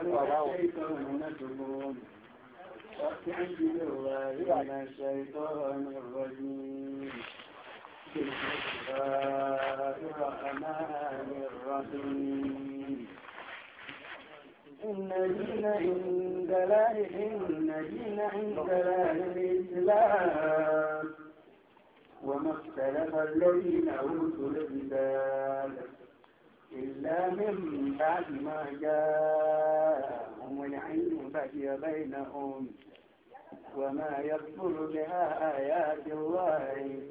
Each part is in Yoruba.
قالوا الشيطان نسبون واستعن بالله الشيطان الرجيم بسم الله إن دين عند الله إن دين عند الله الإسلام وما اختلف الذين أوتوا الكتاب إلا من بعد ما جاءهم العلم بقي بينهم وما يكفر بها آيات الله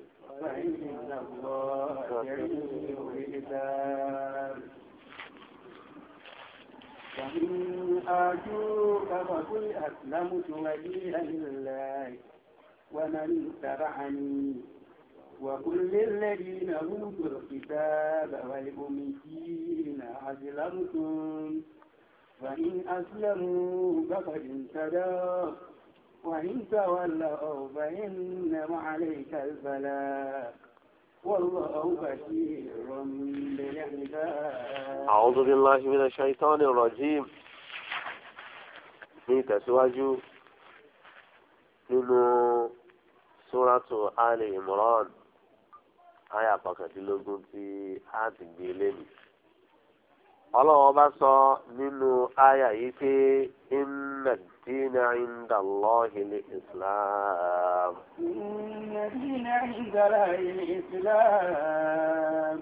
فإن الله يعلم العباد فإن أرجوك فقل أسلمت وجهي لله ومن تبعني وقل للذين أوتوا الكتاب والأميين أسلمتم فإن أسلموا فقد اهتدوا وإن تولوا فإنما عليك البلاء والله بشير بالعباد أعوذ بالله من الشيطان الرجيم ní ìtẹ̀síwájú nínú sóràtò alẹ́ ìmọ̀ràn àyà kọkàndínlógún tí a ti gbé e lẹ́nu. ọlọ́wọ́n bá sọ nínú àyà yìí pé inna dina inda islam. inna dina inda Allahi islam.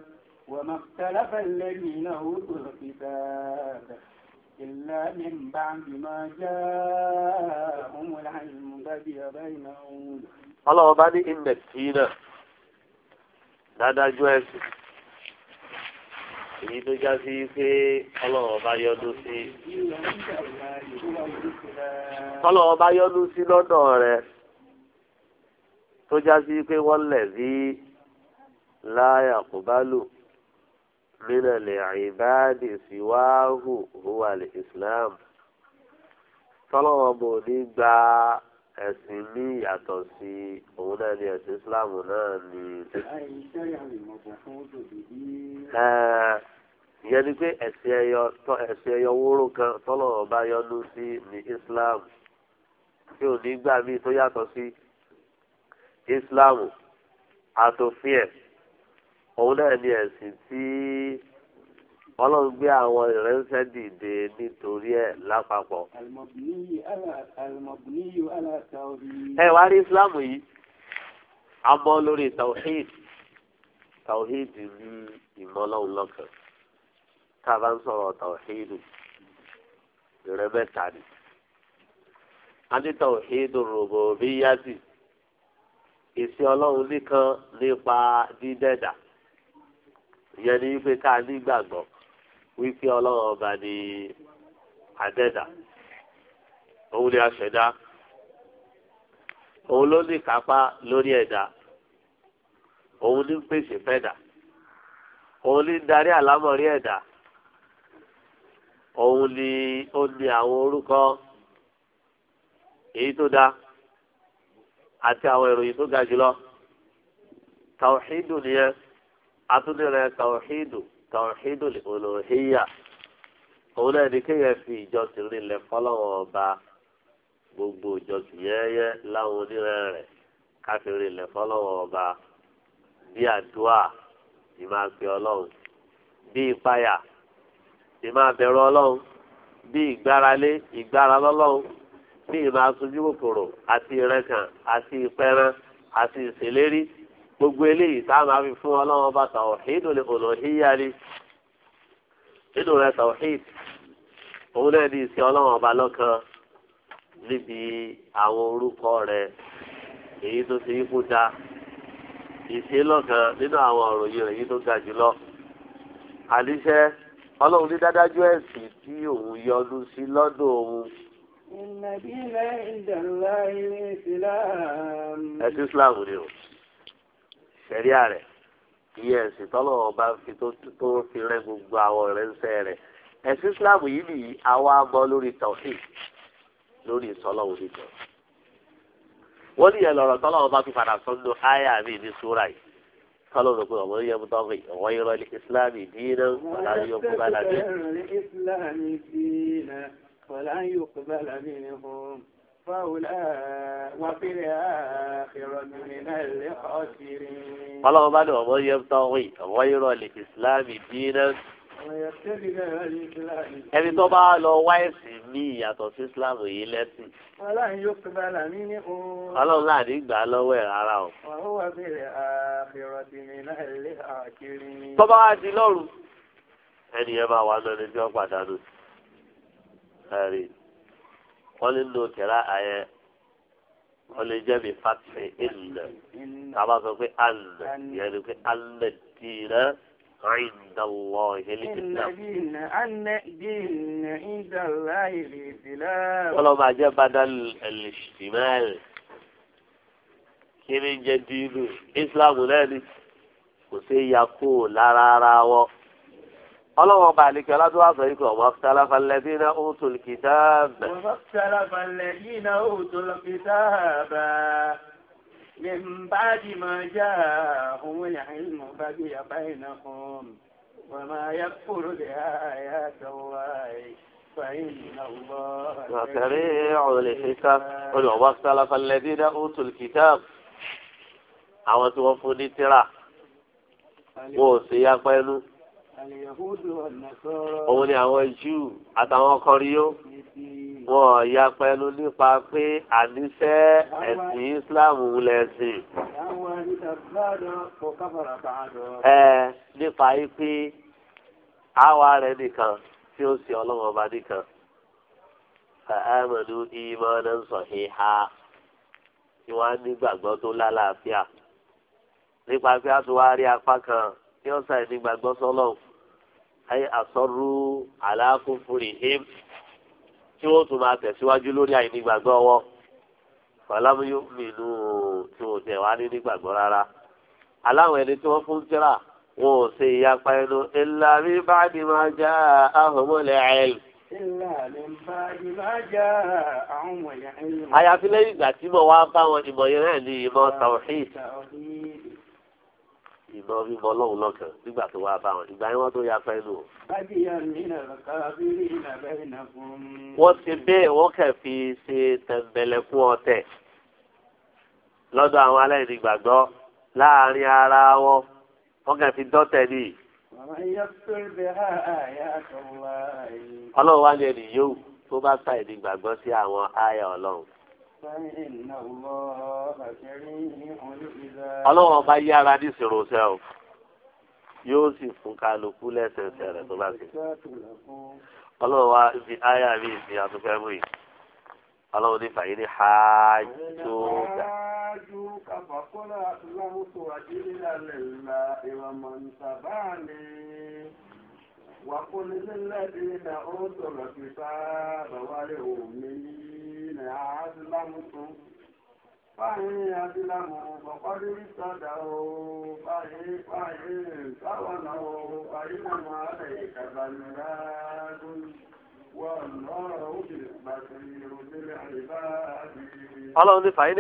وما اختلف الذين أوتوا الكتاب إلا من بعد ما جاءهم العلم بغي dádájú ẹ̀sìn èyí tó já sí pé ọlọ́wọ́ bá yọdún sí ọlọ́wọ́ bá yọdún sí lọ́dọ̀ rẹ tó já sí pé wọ́n lẹ̀ sí láyà kò bá lò mílẹ̀ lè àìbáàdì síwáhù hùwà lè islam tọ́lọ́wọ́ bò ní gba ẹ̀sìn mi yàtọ̀ sí òun náà ni ẹ̀sìn Islam náà ni. ìyẹn ni pé ẹ̀sìn ẹyọ ẹ̀sìn ẹyọ wóró kan tọ́lọ̀ ọba yọnu sí ni Islam tí ò ní gbà mí tó yàtọ̀ sí Islam àtòfin ẹ̀ òun náà ni ẹ̀sìn tí. ọlọ́run gbé àwọn ìrẹsẹ̀ dìde nítorí ẹ̀ lápapọ̀. ẹ wá rí ìsìláàmù yìí a bọ́ lórí tawhid tawhid ní ìmọ̀lọ́hún lọ́kàn tá a bá ń sọ̀rọ̀ tawhid ìrẹ́mẹ́ta ni a ní tawhid rububiyyati ìsìn ọlọ́run nìkan nípa dídẹ̀dà ìyẹn ní wípé ká nígbàgbọ́. wípé ọlọ́run ọba ni àdẹ́dà òun ni aṣẹ̀dá òun ló ní kápá lórí ẹ̀dá òun ní pèsè fẹ́dà òun ní darí àlámọ̀rí ẹ̀dá òun ni ó ní àwọn orúkọ èyí tó dá àti àwọn ìròyìn tó ga jùlọ tàwíìdù nìyẹn atúndínlẹ̀ tàwíìdù tawhidul uluhiyya òun náà ni kéèyàn fi ìjọsìn rinlẹ̀ fọlọ́wọ́ ọba gbogbo ìjọsìn yẹ́yẹ́ láwọn onírẹ́ rẹ̀ káfíń rinlẹ̀ fọlọ́wọ́ ọba bí àdúrà ìmọ̀ àgbẹ ọlọ́run bí ìpayà ìmọ̀ àbẹ̀rù ọlọ́run bí ìgbáralé ìgbára lọ́lọ́run bí ìmọ̀ asojú kòkòrò àti ìrẹ́kàn àti ìpẹran àti ìṣèlérí gbogbo eléyìí tá a máa fi fún ọlọ́wọ́n bá tàwọ̀hídù lè bọ̀lọ̀ híyárí nínú rẹ̀ tàwọ̀híd òun náà ní ìsìn ọlọ́wọ́n ọba lọ́kan níbi àwọn orúkọ rẹ̀ èyí tó ti kú da ìṣe lọ́kan nínú àwọn òròyìn rẹ̀ èyí tó ga jùlọ àdíṣẹ́ ọlọ́run ní dádájú ẹ̀sìn tí òun yọdún sí lọ́dọ̀ òun. ẹ̀sìn Islam ni o ṣẹ̀ríà rẹ̀ iye ẹ̀sìn tọ́lọ̀ ọba fi tó fi rẹ gbogbo àwọn ọ̀rẹ́ ń sẹ́ rẹ̀ ẹ̀sìn Islam yìí nìyí àwa bọ́ lórí tawhid lórí ìsọlọ́ òdìjọ́ wọ́n ní ẹ̀lọ́rọ̀ tọ́lọ̀ ọba fi padà sọ́nù áyà mi ní súra yìí kọlọ ló pe ọmọ yẹ mú tọ́ fi ọ̀wọ́ yọrọ ní ìsìláàmì dínà wàlá yóò kú bá Ọlọ́run bá ní ọmọ yẹn tọ́wé ọmọ irọ́ lè ìsìláàmì dínà. Ẹni tó bá lọ wá ẹ̀sìn mí ìyàtọ̀ sí ìsìláàmù yìí lẹ́sìn. Ọlọ́run láàdí gbà lọ́wọ́ ẹ̀ rárá o. Tó bá wá di lọ́rùn, ẹni yẹn máa wà lọ́ni tí wọ́n pàdánù. Ẹ̀rí wọ́n lè lo tẹ̀lá ayẹ wọ́n lè jẹ́ bí fàtì ilẹ̀ tàbá sọ pé alẹ̀ yẹn ni pé alẹ̀ dìrẹ́ عند الله الإسلام أن دين عند الله الإسلام ولو ما جاء بدل الاشتمال kí ni jẹ́ dínú Islam náà ni kò sí yakó lára ara wọn ọlọ́wọ́n bá àlekè ọlọ́dúnwá sọ yìí kò wọ́n fẹ́lá falẹ̀ bí iná ó tó lè kìtà bẹ̀. wọ́n fẹ́lá falẹ̀ bí iná ó tó lè kìtà bẹ̀. من بعد ما جاءهم العلم بقي بينهم وما يكفر بآيات الله وسريع الحساب قل واختلف الذين أوتوا الكتاب àwọn tí wọ́n fún ní tíra wọn ò sí yá pẹ́ẹ́lú òun ni àwọn Júù àtàwọn ọkọrin yó wọn ya pẹ̀lú nípa pé àníṣe ẹ̀sìn Islam lẹ̀sìn. ẹ nípa yìí pé àwa rẹ nìkan tí ó sì ọlọ́wọ́n ọba nìkan fàámọ̀nù ìmọ̀ náà ń sọ híhá kí wọ́n á nígbàgbọ́ tó lálàáfíà nípa pé a tún wá rí apá kan kí wọ́n sàì nígbàgbọ́ sọ́lọ́hùn ayé àsọrú aláàkúfúrì him tí wọ́n tún máa tẹ̀síwájú lórí àìnígbàgbọ́ wọn fàlámúyó mìínú tí wọ́n tẹ̀ wá ní nígbàgbọ́ rárá aláwọn ẹni tí wọ́n fún tíra wọn ò ṣe ìyapa ẹnu illa min ba'di ma ja'ahumul ilm. illa min ba'di ma ja'ahumul ilm. àyàfi lẹ́yìn ìgbà tí mo wá bá wọn ìmọ̀ yẹn náà ní ìmọ̀ tawhid ìmọ̀ mímọ́ ọlọ́run lọ́kàn nígbà tó wá bá wọn ìgbà yẹn wọ́n tó ya fẹ́ nù. wọ́n ti bẹ́ẹ̀ wọ́n kàn fi ṣe tẹ̀m̀bẹ̀lẹ̀kún ọ̀tẹ̀ lọ́dọ̀ àwọn aláìní gbàgbọ́ láàrin ara wọn wọ́n kàn fi dọ́tẹ̀ ní. ọlọ́run wá ní ẹnì yóò tó bá ta ìdí gbàgbọ́ sí àwọn àyà ọlọ́run ọlọ́run ọba yára ní ìṣèròṣẹ́ o yóò sì fún kálukú lẹ́sẹẹsẹ rẹ̀ tó bá ṣe. ọlọ́run wa fi àyà mi ìsìn àtúfẹ́ mú yìí ọlọ́run ní fàyè ní hájú gà. وقل للذين أوتوا الكتاب ولأمنين أسلمتم فإن أسلموا فقد اهتدوا فإن فإن تولوا فإنما عليك بلاغ Ọlọ́run ní fàyín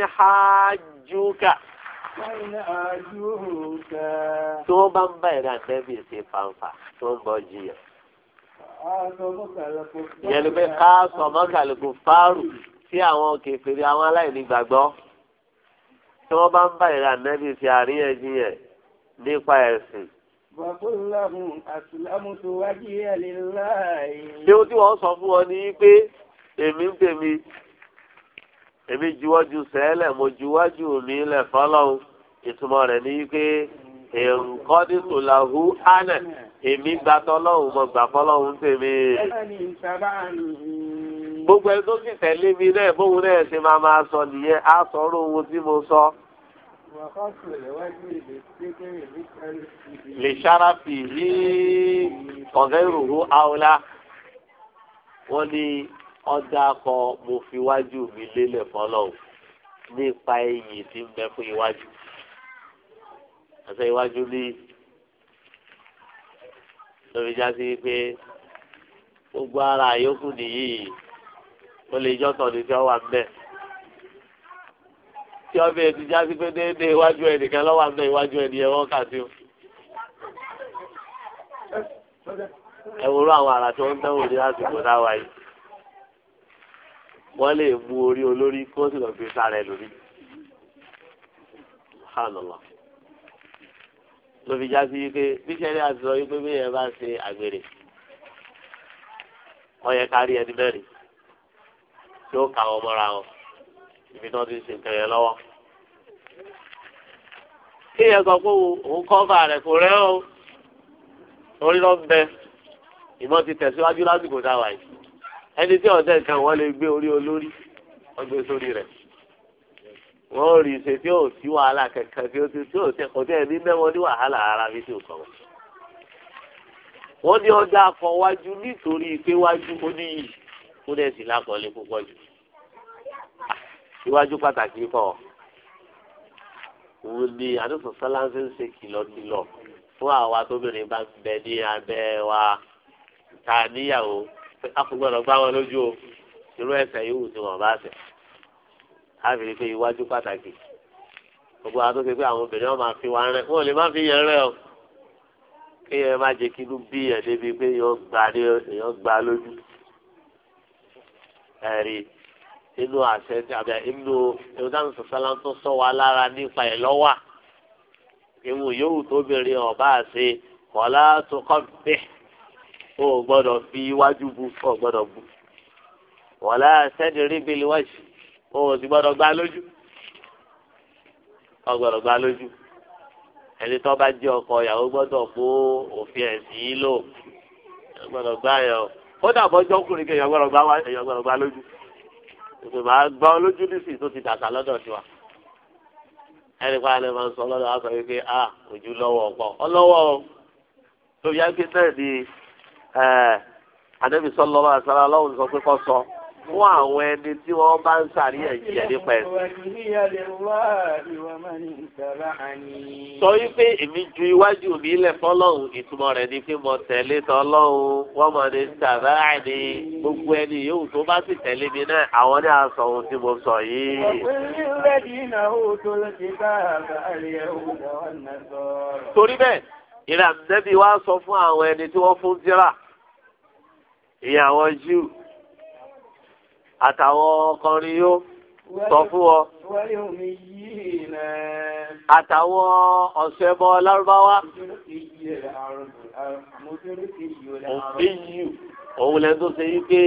Tí wọ́n bá ń bá fanfa tí wọ́n bọ́ pé ká tí àwọn kèfèrí àwọn aláìní gbàgbọ́ tí wọ́n bá ń bá ìlà nẹ́bí fi àríyànjiyàn nípa ẹ̀sìn. Ṣé o tí wọ́n sọ fún ọ ní pé èmi ń tèmi èmi juwọ́jú sẹ́lẹ̀ mo juwájú mi lẹ̀ fọlọ́hún ìtumọ̀ rẹ̀ ní pé nǹkan tó la hu èmi gbàtọ́ lọ́hùn mo gbà fọlọ́hún tèmi. Ẹ bá ní ìtàbá mi gbogbo ẹni tó sì tẹ̀lé mi náà bóun náà ṣe máa máa sọ nìyẹn á sọ ọ́rọ́ ohun tí mo sọ. lè ṣára fi yí ọ̀gá ìròhó aola wọ́n ní ọjà kan mo fi iwájú mi lélẹ̀ fọlọ́ọ̀ nípa ẹ̀yìn tí ń bẹ fún iwájú. àṣẹ iwájú ní lórí jásí pé gbogbo ara àyókù nìyí ó lè jọ́ sọ̀dí tí ó wà mbẹ́ tí ọbẹ̀ ti já sí pé déédéé iwájú ẹnìkan lọ́wọ́ àmì iwájú ẹni ẹ̀wọ́n kà sí o. ẹ wúrú àwọn àrà tí wọ́n ń dánwò ní àsìkò dáwà yìí wọ́n lè mú orí olórí kí wọ́n sì lọ́ọ́ fi sára ẹ lórí. Subhanallah ló já sí wípé bíṣẹ́lẹ̀ àti sọ wípé bí ẹ bá ṣe àgbèrè wọ́n yẹ kárí ẹni mẹ́rin tí ó kà wọ́n mọ́ra wọn ibi tí wọ́n ti ń ṣe nǹkan lọ́wọ́. kí yẹn sọ pé òun kọ́fà rẹ̀ kò rẹ́ o orí lọ bẹ ìmọ̀ ti tẹ̀síwájú lásìkò dáwà yìí ẹni tí ọ̀dẹ́ kan wọ́n lè gbé orí olórí wọ́n gbé sórí rẹ̀ wọ́n rí i ṣe tí ò sí wàhálà kankan tí ó ti tí ò sí ẹ̀kọ́ tí ẹ̀mí mẹ́wọ́n ní wàhálà ara mi tí ò kọ̀ wọ́n. wọ́n ní ọjà akọ̀wájú nítorí pé wájú ó níyì kó dẹ̀ sí lákọọ́lẹ̀ púpọ̀ jù ah, iwájú pàtàkì kọ̀ òun ni àdúgbò sálánsì ń ṣe kìlọ̀kìlọ̀ fún àwa tóbìnrin bá bẹ ní abẹ́ wa ta níyàwó a kò gbọ́dọ̀ gbá wọn lójú o irú ẹ̀ṣẹ̀ yìí wù tí wọ́n bá ṣẹ̀ á fi rí pé iwájú pàtàkì gbogbo àwọn tó ṣe pé àwọn obìnrin wọn máa fi wá rẹ wọn ò lè má fi yẹn rẹ o kí ẹ má jẹ kí inú bí ẹ débi pé èèyàn gbà lójú ẹ̀rí inú àṣẹ àbí inú ìwádìí sọ̀sálà tó sọ wa lára nípa ẹ̀ lọ́wà ìwù yòówù tóbìnrin ọ̀bá àṣe kọ̀lá tó kọ́ bẹ́ o gbọ́dọ̀ fi iwájú bu o gbọ́dọ̀ bu wọ̀lá sẹ́ni rí bíi wájú o sì gbọ́dọ̀ gbá lójú o gbọ́dọ̀ gbá lójú ẹni tó bá jẹ́ ọkọ ìyàwó gbọ́dọ̀ kó òfin ẹ̀sìn yìí lò o gbọ́dọ̀ gbá yẹn o kódà bọ́jọ́ ọkùnrin kẹ èèyàn gbọ́dọ̀ gbá èèyàn gbọ́dọ̀ gbá lójú ètò máa gbá lójú nísì tó ti dàgbà lọ́dọ̀ tiwa ẹnì kan lè máa sọ lọ́dọ̀ wá sọ wípé a ojú lọ́wọ́ ọ̀pọ̀ ọlọ́wọ́ o tó yá pé náà ni àdébísọ́ lọ́wọ́ àṣàlá ọlọ́run sọ pé kọ́ sọ fún àwọn ẹni tí wọ́n bá ń ṣàríyànjiyàn nípa ẹ̀sìn. sọ wípé èmi ju iwájú mi lẹ̀ fọlọ́hún ìtumọ̀ rẹ̀ ni pé mo tẹ̀lé tọlọ́hún wọ́n mọ̀ ní sàrà ní gbogbo ẹni yòówù tó bá sì tẹ̀lé mi náà àwọn ní àṣọ ohun tí mo sọ yìí. torí bẹ́ẹ̀ ìrànlẹ́bí wa sọ fún àwọn ẹni tí wọ́n fún tíra ìyàwó jù àtàwọn ọkùnrin yó sọ fún ọ. àtàwọn ọ̀sẹ̀ bọ lárúbáwá. òfin yù òun lẹ́nu tó ṣe yí pé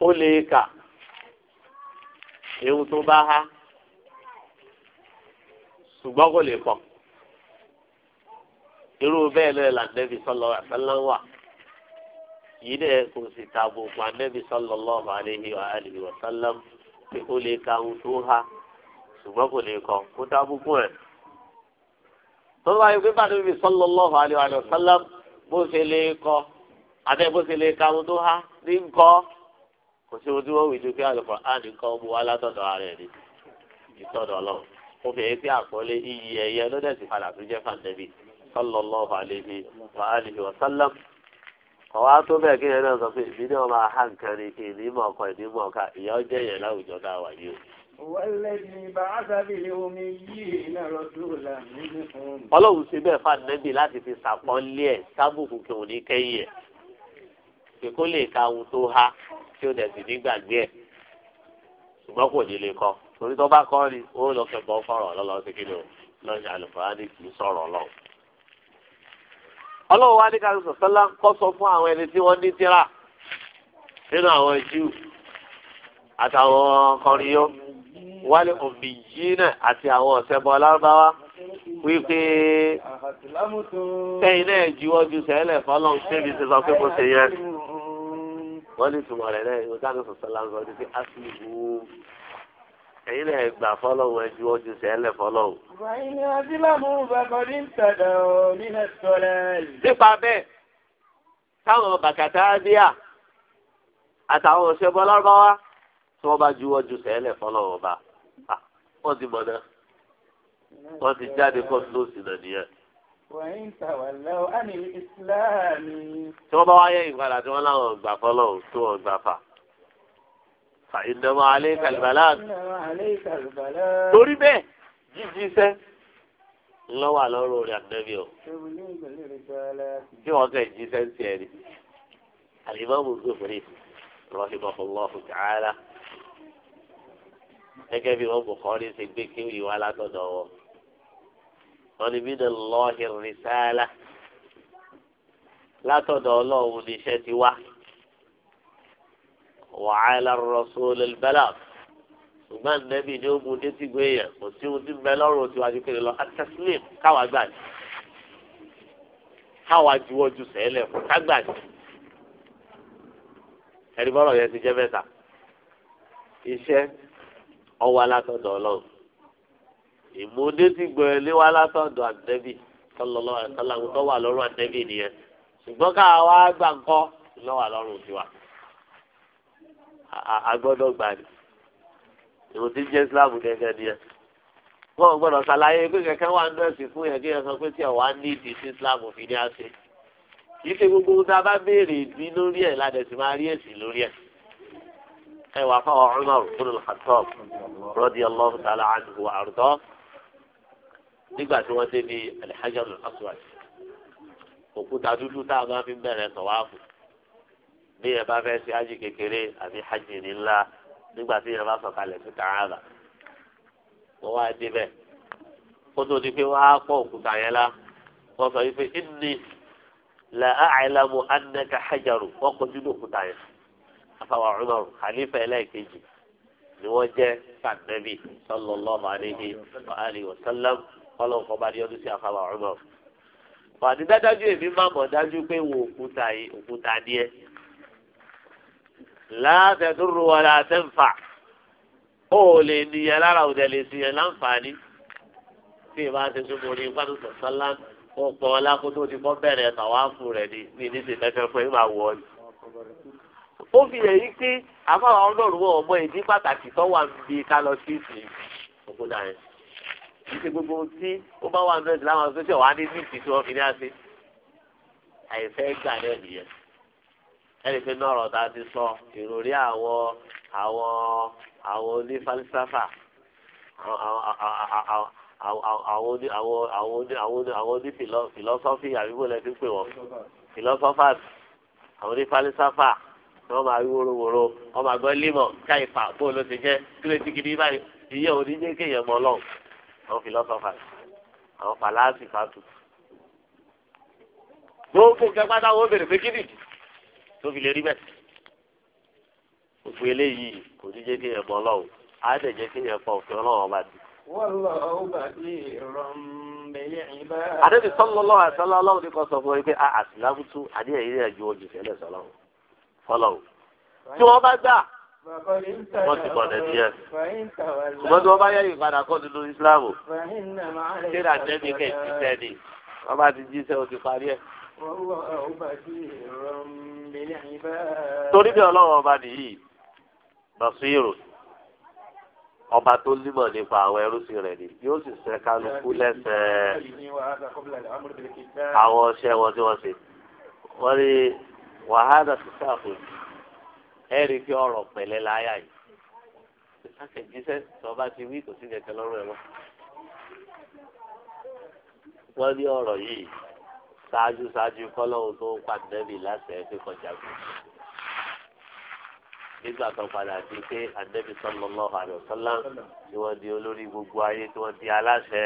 ó lè kà ewu tó bá há ṣùgbọ́n kò lè pọ̀ irú bẹ́ẹ̀ lọ́ọ́ làǹdẹ́bí sọ́lọ́ àtàlánwà yìí dẹ̀ kò sì taabo pa nẹ́bi sallallahu alayhi wa alihi wa sallam pé ó lè ka ohun tó ha ṣùgbọ́n kò lè kọ́ kó taabo kún ẹ̀. tó bá yẹ pé bá nẹ́bi sallallahu alayhi wa sallam bó ṣe lè kọ́ àti bó ṣe lè ka ohun tó ha ní nkọ́ kò sí ohun tí wọ́n wí ju àdì kọ́ mu wá ara ẹ̀ ní ìtọ́dọ̀ ọlọ́run ó fi èyí pé àkọlé iyì ẹ̀yẹ ló padà tó jẹ́ fàǹdẹ́bì sallallahu alayhi wa alihi wa sallam ọ̀wá tó bẹ́ẹ̀ kí yẹn sọ pé ìbí náà máa hàn kẹrin kí ìnímọ̀ ọkọ̀ ìnímọ̀ ìyá ọjọ́ yẹn láwùjọ náà wà yìí o. ọlọ́run ṣe bẹ́ẹ̀ fún ànẹ́bí láti fi ṣàpọ́nlé ẹ̀ sábùkù kí òun ní kẹ́yìn ẹ̀ kí kó lè ka ohun tó há tí ó dẹ̀sí nígbàgbé ẹ̀ ṣùgbọ́n kò ní lè kọ torí tó bá kọ́ ni ó lọ kẹ́ bọ́ fọ̀rọ̀ lọ́lọ́ ọlọ́run wá ní ká sọ̀sọ́lá kọ́ sọ fún àwọn ẹni tí wọ́n ní tíra nínú àwọn júù àtàwọn kọrìyó wálé òmìnira àti àwọn ọ̀sẹ̀ bọ́ lárúbáwá wípé sẹ́yìn náà juwọ́ ju sẹ́lẹ̀ fọlọ́n síbi ti sọ pé mo ṣe yẹn wọ́n ní ìtumọ̀ rẹ̀ náà ìwé ká ní sọ̀sọ́lá ń sọ ní sí asìlú ẹ̀yin lè gbà fọlọ́wọ́ ẹjú ọjọ́ sẹ́lẹ̀ fọlọ́wọ́. ìbáyìí adílámù bàkọ́dí ń tẹ̀dọ̀ nínú sọ́lẹ̀. nípa bẹ́ẹ̀ táwọn bàkàtà bíà àtàwọn ọ̀ṣẹ́ bọ́ lọ́rọ́báwá tí wọ́n bá ju ọjọ́ sẹ́lẹ̀ fọlọ́wọ́ bá wọ́n ti mọ̀nà wọ́n ti jáde kọ́ lóòsì náà nìyẹn. tí wọ́n bá wáyé ìgbàlá tí wọ́n láwọn gbà fọlọ́wọ́ tí wọ́n gbà fà ìdánwò alẹ́ kàlùbálà. torí bẹ́ẹ̀ jíjí sẹ́ ńlọ́wọ́ àlọ́rọ̀ rẹ̀ àdẹ́bí o. tí wọ́n kẹ́ jí sẹ́ ń tiẹ̀ ni. alimami gbèfèrè rahimahullahu ta'ala gẹ́gẹ́ bí wọ́n bùkọ́rí ṣe gbé kéwì wá látọ̀dọ̀ wọn. wọ́n ní bí lọ́ọ̀hìn rìsáálà látọ̀dọ̀ ọlọ́run níṣẹ́ ti wá. وعلى الرسول البلاغ ṣùgbọ́n nẹ́bí ni ó mú létí gbé yẹn kò sí tí ń bẹ lọ́rùn tí wàá ju kéde lọ àtẹ̀sílẹ̀m káwa gbà ní káwa juwọ́ ju sẹ́lẹ̀ ti ìmúdétí gbọ̀ẹ́ léwá látọ̀dọ̀ tó wà lọ́rùn nìyẹn ṣùgbọ́n káwa gbà ńkọ́ lọ́wọ́ lọ́rùn agbọ́dọ̀ gbà ní ìwò tí jẹ́ islam gẹ́gẹ́ ni ẹ wọ́n gbọ́dọ̀ ṣàlàyé pé kẹ̀kẹ́ wà ń dọ̀sí fún yẹn kí ẹ sọ pé tí ẹ wà ní ìdí sí islam fi ní àṣẹ yìí ṣe gbogbo ohun tá a bá béèrè ìdí lórí ẹ̀ ládẹ̀ sì máa rí èsì lórí ẹ̀ ẹ wà fáwọn Umar ibn al-Khattab radiyallahu ta'ala anhu wa àrùtọ́ nígbà tí wọ́n débi al-Hajar al-Aswad òkúta dúdú tá a máa fi bẹ̀rẹ̀ tọ̀wáàfù bí ẹ bá fẹ́ ṣe hajj kékeré àbí hajj ńlá nígbà tí ẹ bá sọ̀kalẹ̀ sí Káàbà wọ́n wá débẹ̀ kótó di pé wọ́n á pọ̀ òkúta yẹn la wọ́n sọ wípé inni la a'lamu annaka hajaru wọ́n kojú ní òkúta yẹn afawa Umar khalifa ẹlẹ́ẹ̀kejì ni wọ́n jẹ́ sàdẹ́bì sallallahu alayhi wa alihi wa bá di sí afawa Umar. wàdí èmi má mọ̀ dájú pé wo òkúta yìí òkúta díẹ̀ láàtẹ̀dúró wà láàtẹ̀fà ó lè níyà lára òde lè sí yẹn láǹfààní tí ìbá ti tún borí ìpàdé sọ̀sánlá ó pọ̀ ọlákótó ti kọ́ bẹ̀rẹ̀ tàwáfù rẹ̀ ni ní ní fẹ́fẹ́ fún ìgbà wọ̀ ni. ó fi hàn yí pé àfáwọn ọlọ́run ọmọ ìdí pàtàkì tó wà níbi ká lọ sí ìsìn òkú náà yẹn. ìṣe gbogbo tí ó bá wà nínú ẹ̀sìn láwọn sọ́sẹ̀ wà ní ní ìsìn tí wọ́n fi ní àṣẹ àìfẹ́ gbà náà nìyẹn ẹni pé náà ọ̀rọ̀ tá a ti sọ ìròrí àwọn àwọn àwọn onífalsafa àwọn onífilọ́sọ́fì àbíbọ̀lẹ̀ ti pè wọ́n filọ́sọ́fàs àwọn onífalsafa ni wọ́n máa rí wóróworó wọ́n máa gbọ́ límọ̀ káìpà bó ló ti jẹ́ kí ló ti gidi báyìí ìyẹ́ òní jẹ́ kéèyàn mọ́ lọ́wọ́ àwọn filọ́sọ́fàs àwọn pàlásì fàtù. gbogbo nǹkan pátá wọ́n bèrè pé kí nìyí tó fi lè rí bẹ́ẹ̀ òfin eléyìí kò ní jẹ́ kí yẹn bọ́ lọ́wọ́ á dẹ̀ jẹ́ kí yẹn pọ̀ òfin ọlọ́wọ́ bá ti. àdébí sọlọ́lọ́ àṣálá ọlọ́run ní kan sọ fún mi pé àṣìlámùtú àníyàn yìí rẹ̀ ju ojú ìfẹ́lẹ̀ sọlọ́run fọlọ́run tí wọ́n bá gbà wọ́n ti bọ̀ lẹ́bí ẹ̀. ṣùgbọ́n tí wọ́n bá yẹ ìpadà kọ́ nínú Islam ṣé ìlà jẹ́bi kẹ́ ẹ̀ ti sẹ́ni bá ti jíṣẹ́ o ti parí ẹ̀ torí bí ọlọ́run ọba nìyí basiru ọba tó nímọ̀ nípa àwọn ẹrúsìn rẹ̀ ni yóò sì ṣe kálukú lẹ́sẹ̀ẹ́ àwọn ọṣẹ wọn tí wọ́n ṣe wọ́n ní wàhálà sísá fún ẹ rí i pé ọ̀rọ̀ pẹ̀lẹ́ láyà yìí sákẹ̀jíṣẹ́ tọ́ba ti wí kò sí kẹ̀kẹ́ lọ́rùn ẹ̀ mọ́ wọ́n ní ọ̀rọ̀ yìí ṣáájú ṣáájú kọ́lọ́hún tó pàdánù láṣẹ pé kọjá kù. nígbà tó padà di pé àdẹ́bí sallallahu alaihi wasallam tí wọ́n di olórí gbogbo ayé tí wọ́n di aláṣẹ.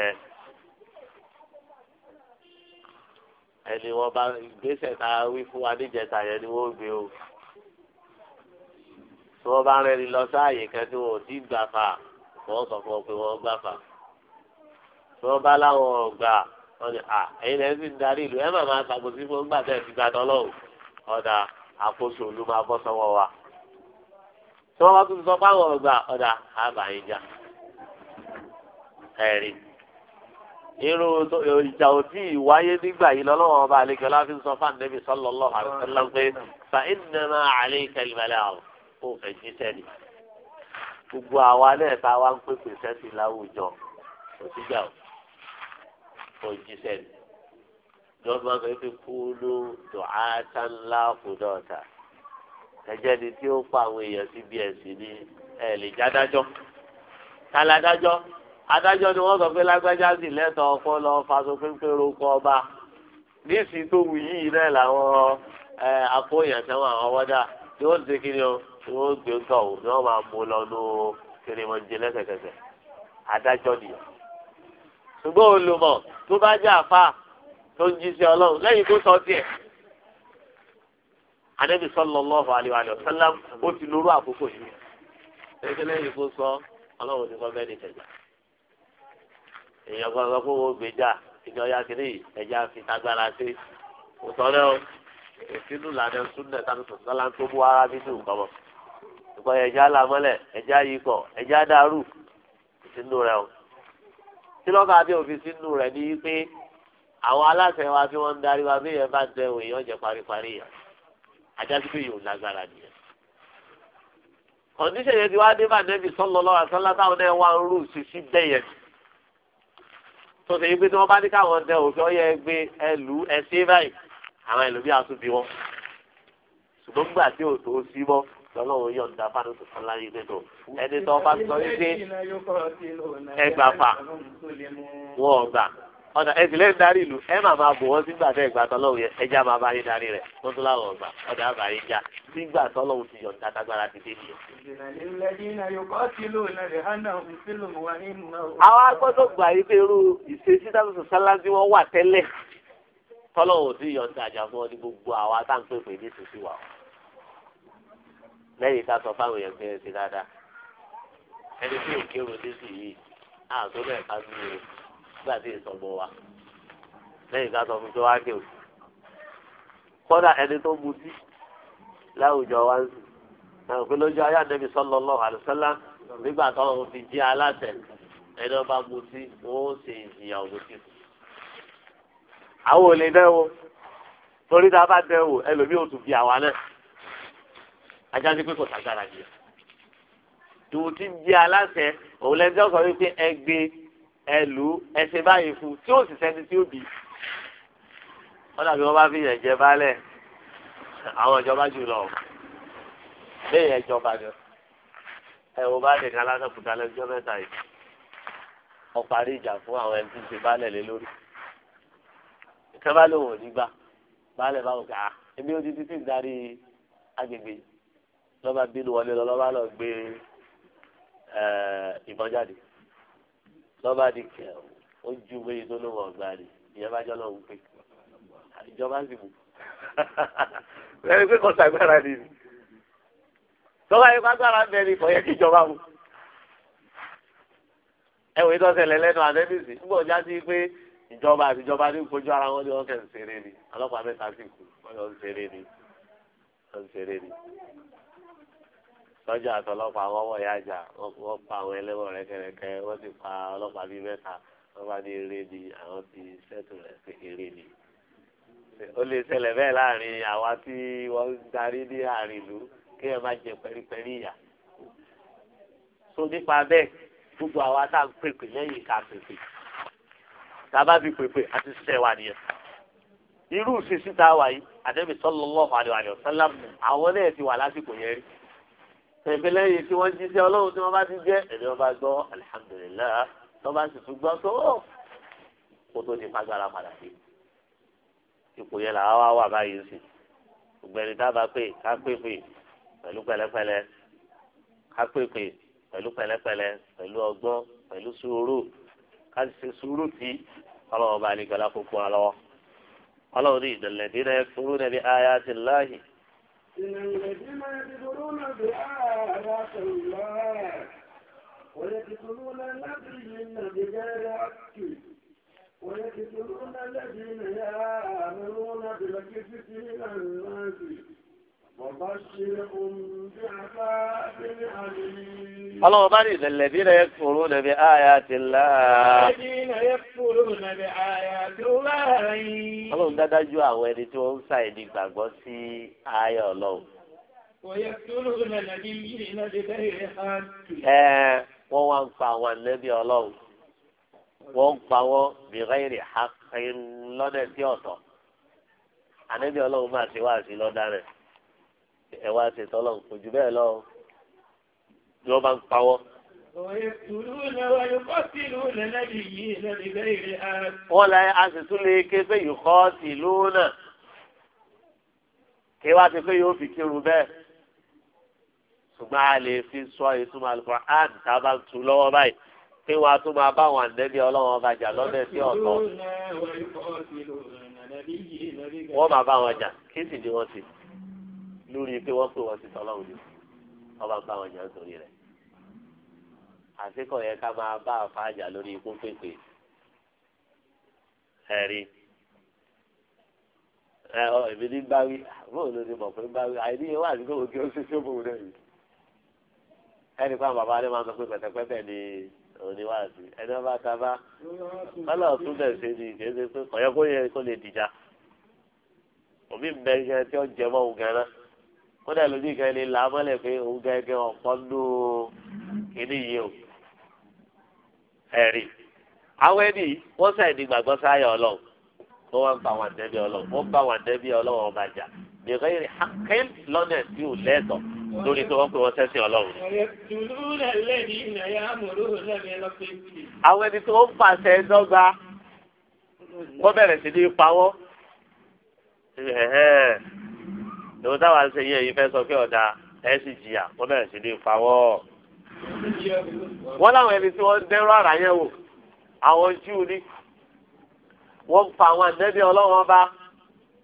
ẹni wọ́n bá ìgbésẹ̀ tá a wí fún wa níjẹta yẹn ni wọ́n gbé o. tí wọ́n bá rẹ́ni lọ sáàyè kan tí wọ́n ò tí gbà fà wọ́n sọ fún ọ pé wọ́n gbà fà. tí wọ́n bá láwọn ọ̀gbà. wọ́n ní à ẹ̀yin lẹ́yìn sì ń darí ìlú ẹ má máa ṣàkóso gbà tẹ́ ti gbàdán lọ́wọ́ ọ̀dà àkóso ìlú máa bọ́ sọ́wọ́ wa tí wọ́n bá tún sọ fáwọn ọ̀dà ẹ̀rí ìjà òtí ìwáyé nígbà yìí lọ́lọ́wọ́ ọba àlejò láti sọ fún àdébí sallallahu pé fa fẹ́ fún jíṣẹ́ ni lọ́gbà pé kí kúlú dùcátà ńlá kùdọ̀ọ̀tà ẹ̀jẹ̀ ni tí ó pa àwọn èèyàn sí bí ẹ̀sìn ní ẹ̀ lè já dájọ́ kálá dájọ́ adájọ́ ni wọ́n sọ pé lágbájá sì lẹ́tọ̀ọ́ ọkọ lọ faṣọ pínpín roko ọba níìsín tó wù yìí náà làwọn akóyàn sẹ́wọ̀n àwọn wọ́dà ni wọ́n ti kí ni o ni wọ́n gbé tọ̀ ni wọ́n máa mú lọ ní kiri mọ́jú lẹ́sẹ̀kẹsẹ̀ adájọ́ nìyẹn ṣùgbọ́n olùmọ̀ tó bá jẹ́ àfa tó ń jí sí ọlọ́run lẹ́yìn tó sọ tiẹ̀. anabi sallallahu alaihi wa sallam ó ti lórú àkókò yìí ẹgbẹ́ lẹ́yìn tó sọ ọlọ́run ti sọ bẹ́ẹ̀ ni tẹ̀jà. èèyàn kan sọ pé wọ́n gbèjà ìjọ ya kiri ẹja fi tagbára sí òtọ́lẹ́ o ìsinú làdẹ súnlẹ̀ tàbí sọ̀tọ́lá tó bú ara nínú nǹkan mọ̀ ìpọ̀ ẹja làmọ́lẹ̀ ẹja yìí kọ̀ ẹja dàrú ìsinú rẹ o tí lọ́ba abẹ́ òfin sínú rẹ̀ ní pé àwọn aláṣẹ wa bí wọ́n ń darí wa bí yẹn bá ń dẹ̀wò èèyàn jẹ́ paríparí yẹn ajásí pé yóò lágbára nìyẹn. kọ̀ǹdíṣẹ̀ yẹn ti wá dé bá nẹ́bí sọ́lọ́ lọ́wọ́ àtọ́lá táwọn náà wá ń rú sísí bẹ́yẹn. tó ṣe yí pé tí wọ́n bá ní káwọn dẹ òfin ọ̀yẹ́ ẹgbẹ́ ẹlú ẹsẹ̀ báyìí àwọn ẹlòmíì tún bí wọn. ṣùgbọ́n gbà tí òtò sí mọ́ lọ́lọ́run yọ̀ ọ̀dà bá lóṣù kan láyé lẹ́dọ̀ ẹni tó bá sọ wípé ẹgbàfà wọn ọ̀gbà ọ̀dà ẹ̀sìnlẹ̀ ń darí ìlú ẹ máa máa bò wọ́n sígbà tẹ́ ìgbà tọ́lọ́run yẹn ẹja máa bá yín darí rẹ̀ tó tún láwọn ọ̀gbà ọ̀dà àbá yín já sígbà tọ́lọ́run ti yọ̀ ọ̀dà tágbára ti dé nìyẹn. àwọn agbọ́dọ̀ gbà yí pé irú ìṣesí tábìlì sọ́lá tí wà tẹ́lẹ̀ tọ́lọ́run ò sí yọ̀ ọ̀dà àjàfún ọ lẹ́yìn ká sọ fáwọn èèyàn pé ẹ ti dáadáa ẹni tí òkè òde sì yìí àtó bẹ́ẹ̀ ká sí i nígbà tí ìsọgbọ wa lẹ́yìn ká sọ fún tó wá dé o kódà ẹni tó mutí láwùjọ wa ń sùn náà pé lójú ayé àdébí sallallahu alaihi wasallam nígbà táwọn fi jí aláṣẹ ẹni wọn mutí wọn ó ṣe ìjìyà òmùtí. àwọn ò lè dẹ́wọ̀ torí tá a bá dẹ́wọ̀ ẹlòmíì ò tún fi àwa náà ajásí pé kò sàgbára jù tòun ti di aláṣẹ òun lẹ́jọ́ sọ wípé ẹ gbé ẹ lù ú ẹ ṣe báyìí fún tí ó sì sẹ́ni tí ó bì í wọ́n dàbí wọ́n bá fi yẹn jẹ baálẹ̀ àwọn ìjọba jù lọ bẹ́ẹ̀ yẹn jọba ni ẹ wo bá lè ní aláṣẹkùtà lẹ́jọ́ mẹ́ta yìí ọparí ìjà fún àwọn ẹni tí ń ṣe baálẹ̀ lé lórí ìkẹ́ bá lòun ò ní báwo kà á ebi ó ti títí darí agbègbè yìí lọ́ba bínú wọlé lọ lọ́ba lọ gbé ìbọn jáde lọ́ba di kẹ ó ju méjì tó ló wọ̀ ọ̀gbà rè ìyẹn bá jọ lọ wù pé ìjọba sì mú ẹni pé kò sàgbára ni tọ́ba yẹn gbàgbára ń bẹ ni kò yẹ kí ìjọba mu ẹ wòye tó ṣẹlẹ̀ lẹ́nu àdẹ́bìsì ń já sí pé ìjọba àti ìjọba ní kojú ara wọn ni wọ́n kẹ́ ń ṣeré ni ọlọ́pàá mẹ́ta sì kú wọ́n yọ ń ṣeré ni wọ́n ń ṣeré ni sọ́jà àtọlọ́pàá àwọn ọmọ ìyá àjà wọ́n pa àwọn ẹlẹ́wọ̀n rẹ́kẹrẹkẹ wọ́n ti pa ọlọ́pàá bíi mẹ́ta wọ́n bá ní ni àwọn ti ṣẹ́tù rẹ̀ pé eré ni. ó lè ṣẹlẹ̀ bẹ́ẹ̀ láàrin àwa tí wọ́n ń darí ní àárín ìlú kí ẹ má jẹ pẹ́rípẹ́rí ìyà. so nípa bẹ́ẹ̀ gbogbo àwa tá à ń pèpè lẹ́yìn ká pèpè tá a bá fi pèpè a ti ṣiṣẹ́ wa nìyẹn irú ìṣesí tá a wà yìí àdébìsọ́ lọ́wọ́ pèpè lẹ́yìn tí wọ́n jíṣẹ́ ọlọ́run tí wọ́n bá ti jẹ́ ẹ̀mí wọn bá gbọ́ alihamudulilayi tó bá sì tún gbọ́ tó oh! kó tó ti fagbára padà sí ipò yẹn làwọn wá wà báyìí sí ọ̀gbẹ́ni dábàá pé ká pèpè pẹ̀lú pẹ̀lẹ́pẹ̀lẹ́ ká pèpè pẹ̀lú pẹ̀lẹ́pẹ̀lẹ́ pẹ̀lú ọgbọ́n pẹ̀lú sùúrù ká ṣe sùúrù tí ọlọ́run bá ní gbọ́dá fún fún wa lọ́wọ́ ọlọ́run ní ìdọ̀lẹ́dínlẹ́ إن الذين يدخلون دعاء الله ويقتلون الذين بغير حق ويقتلون الذين يأمرون بالقسط من الناس Ọlọ́run bá ní ìṣẹ̀lẹ̀ bí lẹ́yẹ kúrú lẹ́bi àyà ti là. Ọlọ́run dáadáa ju àwọn ẹni tí wọ́n ń ṣàìdí gbàgbọ́ sí àyà ọlọ́run. Ẹ wọ́n wá ń pa àwọn ànábì ọlọ́run. Wọ́n ń pa wọ́n bìrẹ́rì hakin lọ́dẹ̀ sí ọ̀tọ̀. Ànábì ọlọ́run máa ti wá sí lọ́dá rẹ̀ ẹ wá ṣe tọ́lọ̀ kò jù bẹ́ẹ̀ lọ ni wọ́n bá ń pawọ́. wọ́n la a sì tún lè ké pé yòókọ́ sí lónà kí wá ti pé yóò fi kírun bẹ́ẹ̀ ṣùgbọ́n a lè fi sọ ìtumọ̀ al tá a bá ń tu lọ́wọ́ báyìí kí wọ́n a tún máa bá àwọn àǹdẹ́bí ọlọ́wọ́n ọba jà lọ́dẹ sí ọ̀tọ̀ wọ́n máa bá wọn jà kí sì ni wọ́n ti lórí pé wọ́n pè wọ́n sí tọ́lọ́run ni wọ́n bá bá wọn jà nítorí rẹ̀ àfikọ̀ yẹn ká máa bá àfáàjà lórí ikú pèpè ẹ̀rí ẹ ọ èmi ní báwí bóun ló ní mọ̀ pé báwí àìní yẹn wà nígbà òkè ó ṣe ṣé bóun náà yìí ẹnì kan bàbá rẹ máa sọ pé pẹ̀tẹ̀pẹ́tẹ̀ ni oníwàásù ẹni wọn bá ta bá kọlọ tún bẹ ṣe ni kì í ṣe pé kọyọ kó lè dìjà òbí mbẹ iṣẹ́ tí ó jẹ mọ́ òun ganan kódà lójú ìkà ilé là á mọ́lẹ̀ pé òun gẹ́gẹ́ ọ̀pọ̀ nù kíní yìí o ẹ̀rí àwọn ẹni wọ́n sàì ní gbàgbọ́ sáyà ọlọ́run wọ́n wá ń bá wọn dẹ́bí ọlọ́run wọ́n bá wọn dẹ́bí ọlọ́run ọba jà nìkan yìí hakẹ́l lọ́nà tí ò lẹ́tọ̀ lórí tí wọ́n pè wọ́n sẹ́sìn ọlọ́run. àwọn ẹni tí wọ́n pàṣẹ dọ́gba wọ́n bẹ̀rẹ̀ sí ní pa ìwọ táwa ṣe yẹ yìí fẹ́ sọ pé ọ̀dà ẹ̀ jìyà wọ́n bẹ̀rẹ̀ sí ní fawọ́. wọ́n láwọn ẹni tí wọ́n dẹ́rọ àrà yẹn wò àwọn júù ni wọ́n ń pa àwọn ànẹ́bí ọlọ́wọ́n bá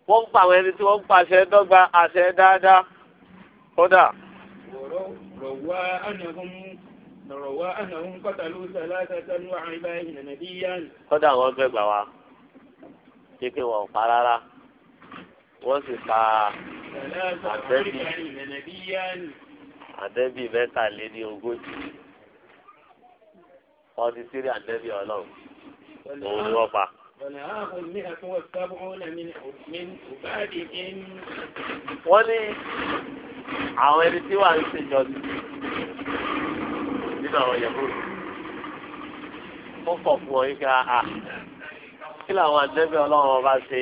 wọ́n ń pa àwọn ẹni tí wọ́n ń pa àṣẹ dọ́gba àṣẹ dáadáa kódà. kódà wọ́n fẹ́ gbà wá kékeré wọn ò pa rárá wọ́n sì pa àdẹ́bì àdẹ́bì mẹ́tàléní ogójì ọdí sírí àdẹ́bì ọlọ́run òun ni wọ́n pa. wọ́n ní àwọn ẹni tí wà ń ṣèjọ sí nínú àwọn yẹ̀bù ó kọ̀ fún ọ yín kí a kí làwọn àdẹ́bì ọlọ́run ọba ṣe.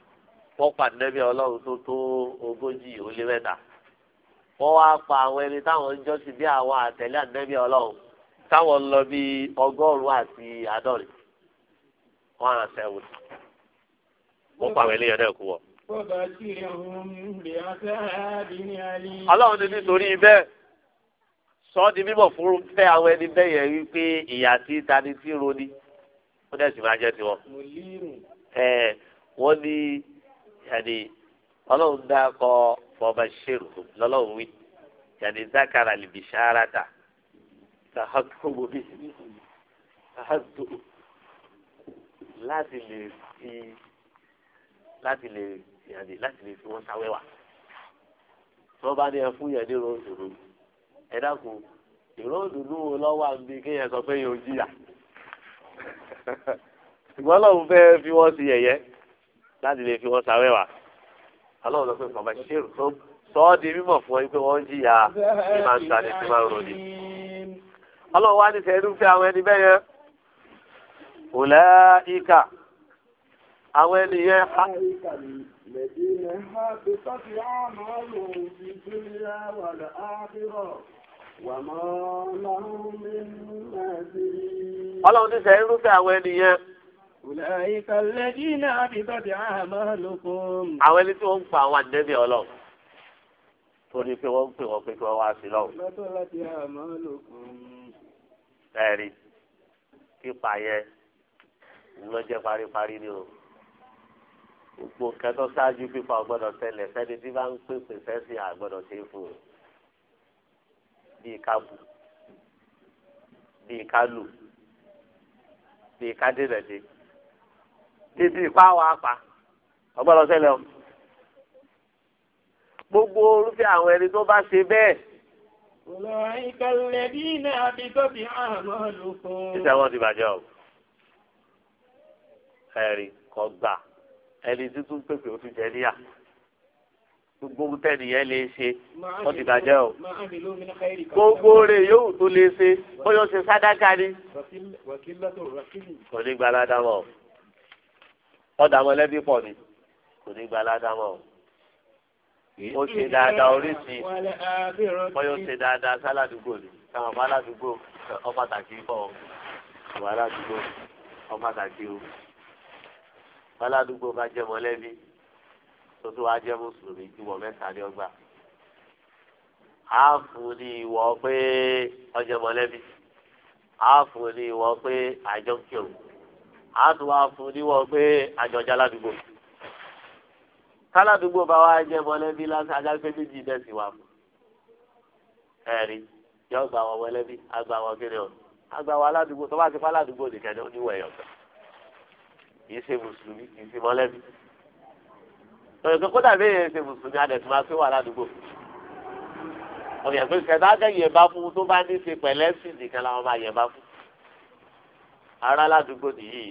wọ́n pa nẹ́bí ọlọ́run tó tó ogójì ó lé mẹ́ta wọ́n wá pa àwọn ẹni táwọn ń jọ́sìn bí àwọn àtẹ̀lé ànẹ́bí ọlọ́run táwọn ń lọ bí ọgọ́rùn àti àádọ́rin wọ́n á sẹ́wò wọ́n pa àwọn eléyàn náà kú wọ. ọlọ́run ni nítorí bẹ́ẹ̀ sọ di mímọ̀ fún fẹ́ àwọn ẹni bẹ́ẹ̀ yẹn wípé ìyà tí tani tí roni ó dẹ̀ sì máa jẹ́ tiwọn. wọ́n ní. yàdí ọlọ́run dákọ̀ fọbàṣẹ́rù lọ́lọ́run wí yàdí zákàrà lìbì sàràtà si bí sàhàtú láti lè fi láti lè yàdí láti lè fi wọn sáwẹ́wà tí wọ́n bá ya ẹ fún yàdí ròdù ròdù ẹ dákun ìròdù lúwo lọ́wọ́ àbí kéèyàn sọ pé yóò jìyà ṣùgbọ́n lọ́run fẹ́ fi wọ́n sí yẹ̀yẹ́. láti lè fi wọn sáwẹ́wà ọlọ́run lọ pé bàbá ṣéèrù tó sọ ọ́ di mímọ̀ fún ọ pé wọ́n ń jìyà ní máa ń ta ní ti máa ń roni. ọlọ́run wá ní sẹ́dúfẹ́ àwọn ẹni bẹ́ẹ̀ yẹn òlẹ́ ìkà àwọn ẹni yẹn ha. ọlọ́run ní sẹ́dúfẹ́ àwọn ẹni yẹn. Ọ̀làyíká lẹ́yìn náà bí bọ́dì àmọ́ lókun. Àwọn ẹni tí wọ́n ń pa àwọn àdẹ́bẹ̀ ọlọ́run torí pé wọ́n ń pè wọ́n pé kí wọ́n wá sí lọ́wọ́. Lọ́dọ̀ láti àmọ́ lókun. Ẹ̀rí pípa yẹn ló jẹ́ paríparí ni o. Gbogbo nǹkan tó ṣáájú pípa ọgbọ́dọ̀ tẹ̀lẹ̀ sẹ́ni tí bá ń pèsè sẹ́sìn àgbọ́dọ̀ ṣe é fún o. Bíi kábù, bíi kálù, bíi kádìrẹ̀dẹ́ títí ipá wa pa ọgbọ́dọ̀ ṣẹlẹ̀ o. gbogbo orúfẹ́ àwọn ẹni tó bá ṣe bẹ́ẹ̀. ọ̀làyíká lẹ́bí náà bí tóbi àmọ́ ló fún. iṣẹ́ wọn ti bàjẹ́ o. ẹ̀rí kọ gbà ẹni títún pèpè ó ti jẹ níyà gbogbo tẹ́lẹ̀ yẹn lè ṣe wọ́n ti bàjẹ́ o. gbogbo rẹ̀ yóò tó lè ṣe bóyá ó ṣe sádákà ni. kò ní gbalada mọ́ ọ̀dà mọ̀lẹ́bí pọ̀ ni kò ní gba aládàmọ́ o ó ṣe dáadáa oríṣi wọ́n yóò ṣe dáadáa sáládùúgbò ni káwọn ọba aládùúgbò ọpàtàkì pọ̀ ọba aládùúgbò ọpàtàkì o ọba aládùúgbò bá jẹ́ mọ̀lẹ́bí tuntun wa jẹ́ mùsùlùmí ìwọ mẹ́ta ni ọgbà á fún ní ìwọ pé ọjọ́ mọ̀lẹ́bí á fún ní ìwọ pé àjọ o? a tún wá fún níwọ̀ pé àjọjà ládùúgbò káládùúgbò bá wá jẹ́ mọ̀lẹ́bí lásán ajá pé méjì dẹ́sì wà fún ẹ̀rí yọ gba àwọn mọ̀lẹ́bí agba àwọn kiri ọ̀ agba àwọn aládùúgbò tó bá ti pa aládùúgbò nìkan ní oníwọ̀ ẹ̀yọ̀ kan kì í ṣe mùsùlùmí kì í ṣe mọ̀lẹ́bí tọ̀yọ̀ kó dàbí èyàn ṣe mùsùlùmí adẹ̀tí máa fi wà ládùúgbò ọ̀yàn pé kẹta akẹ́yẹ̀ bá fún tó bá ní ará ládùúgbò nìyí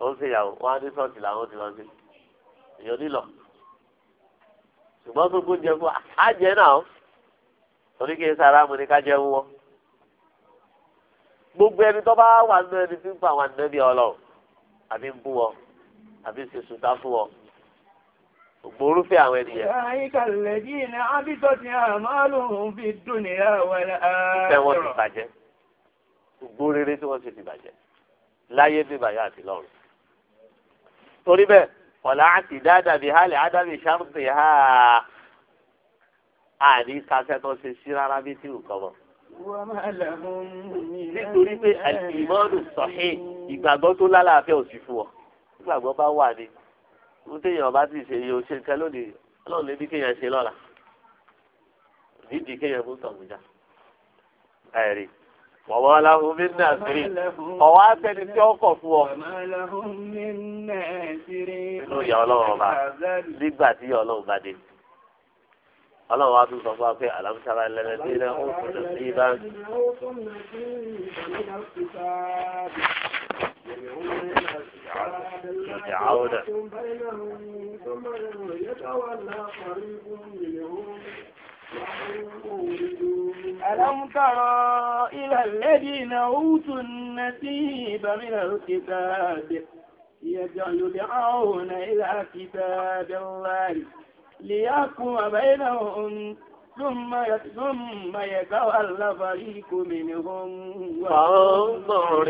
ó ń ṣèyàwó wọn á ní sọ́ọ̀tì làwọn ti lọ sí èèyàn nílọ ṣùgbọ́n tó gbóúnjẹ fún àjẹ náà torí kí n sára mu ní ká jẹ́ wọ́ gbogbo ẹni tó bá wà nínú ẹni tí ń pa àwọn àdínẹ́bí ọlọ́run àbí ń bú wọ àbí ṣe sùn tá fún wọ ògbórúfẹ́ àwọn ènìyàn. Àyíká lẹ́jìn ní ábítọ́ ti àmọ́ lòun fi dùn ní àwọn ẹ̀rọ. Ìfẹ́ wọn ti bàjẹ́ gbogbo rere tí wọ́n ṣe ti bàjẹ́ láyé bí bàjẹ́ àti lọ́run. torí bẹ́ẹ̀ ọ̀la àti dáadáa bíi hálẹ̀ ádámì ṣáàmùtì ha àní kásẹ̀ tó ṣe sí rárá bí tí nǹkan mọ̀. nítorí pé ìmọ̀ọ́nù sọ̀hí ìgbàgbọ́ tó lálàáfíà ò sí fún ọ ìgbàgbọ́ bá wà ní ohun téèyàn bá ti ṣe yìí ó ṣe nǹkan lónìí ọlọ́run lè ní kéèyàn ṣe lọ́la nídìí kéèyàn mú tọ̀gùn já Wọ̀wọ́ aláhùn mi náà sírí. Ọ̀wọ́ àtẹni tí ọkọ̀ fún ọ. Inú ìyá ọlọ́run ọba tún sọ fún wa pé àlàmúsára lẹ́lẹ́dé náà ó kùnà sí ibà. يدعون ثم ألم تر إلى الذين أوتوا النسيب من الكتاب يجعل دعون إلى كتاب الله ليحكم بينهم ثم ثم يتولى فريق منهم فانظر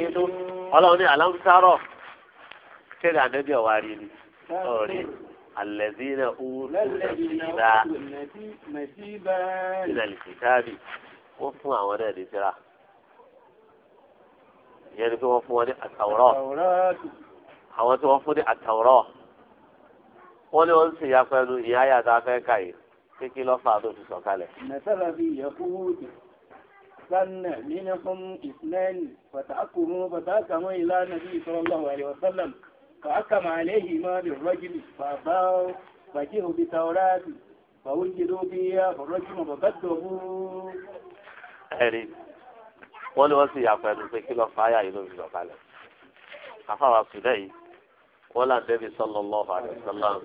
ألم تر كده النبي واريني الذين أوتوا النصيب من الكتاب wọ́n fún àwọn náà ní síra ìyẹn ni pé wọ́n fún wọn ní àtàwọ̀rọ̀ àwọn tí wọ́n fún ní àtàwọ̀rọ̀ wọ́n ní wọ́n ń ṣèyá pẹ̀lú ìyá àyàtọ̀ afẹ́ǹkà yìí pé lọ́fà tó fi sọ̀kalẹ̀. mẹ́tàlá fi yẹ sanna nínú fún ìsinẹ́ni pàtàkùn mú pàtàkùn mú ìlànà bí sallallahu alaihi فحكم عليهما بالرجم فأباوا فجئوا بتوراة فوجدوا فيها فالرجم فقدموا ẹ̀rí wọ́n ní wọ́n sì yà pẹ̀lú pé kí lọ́ọ́ fáyà yìí ló fi lọ́ọ́ balẹ̀ afáwa sùdẹ́ yìí wọ́n là débi sallallahu alaihi wasallam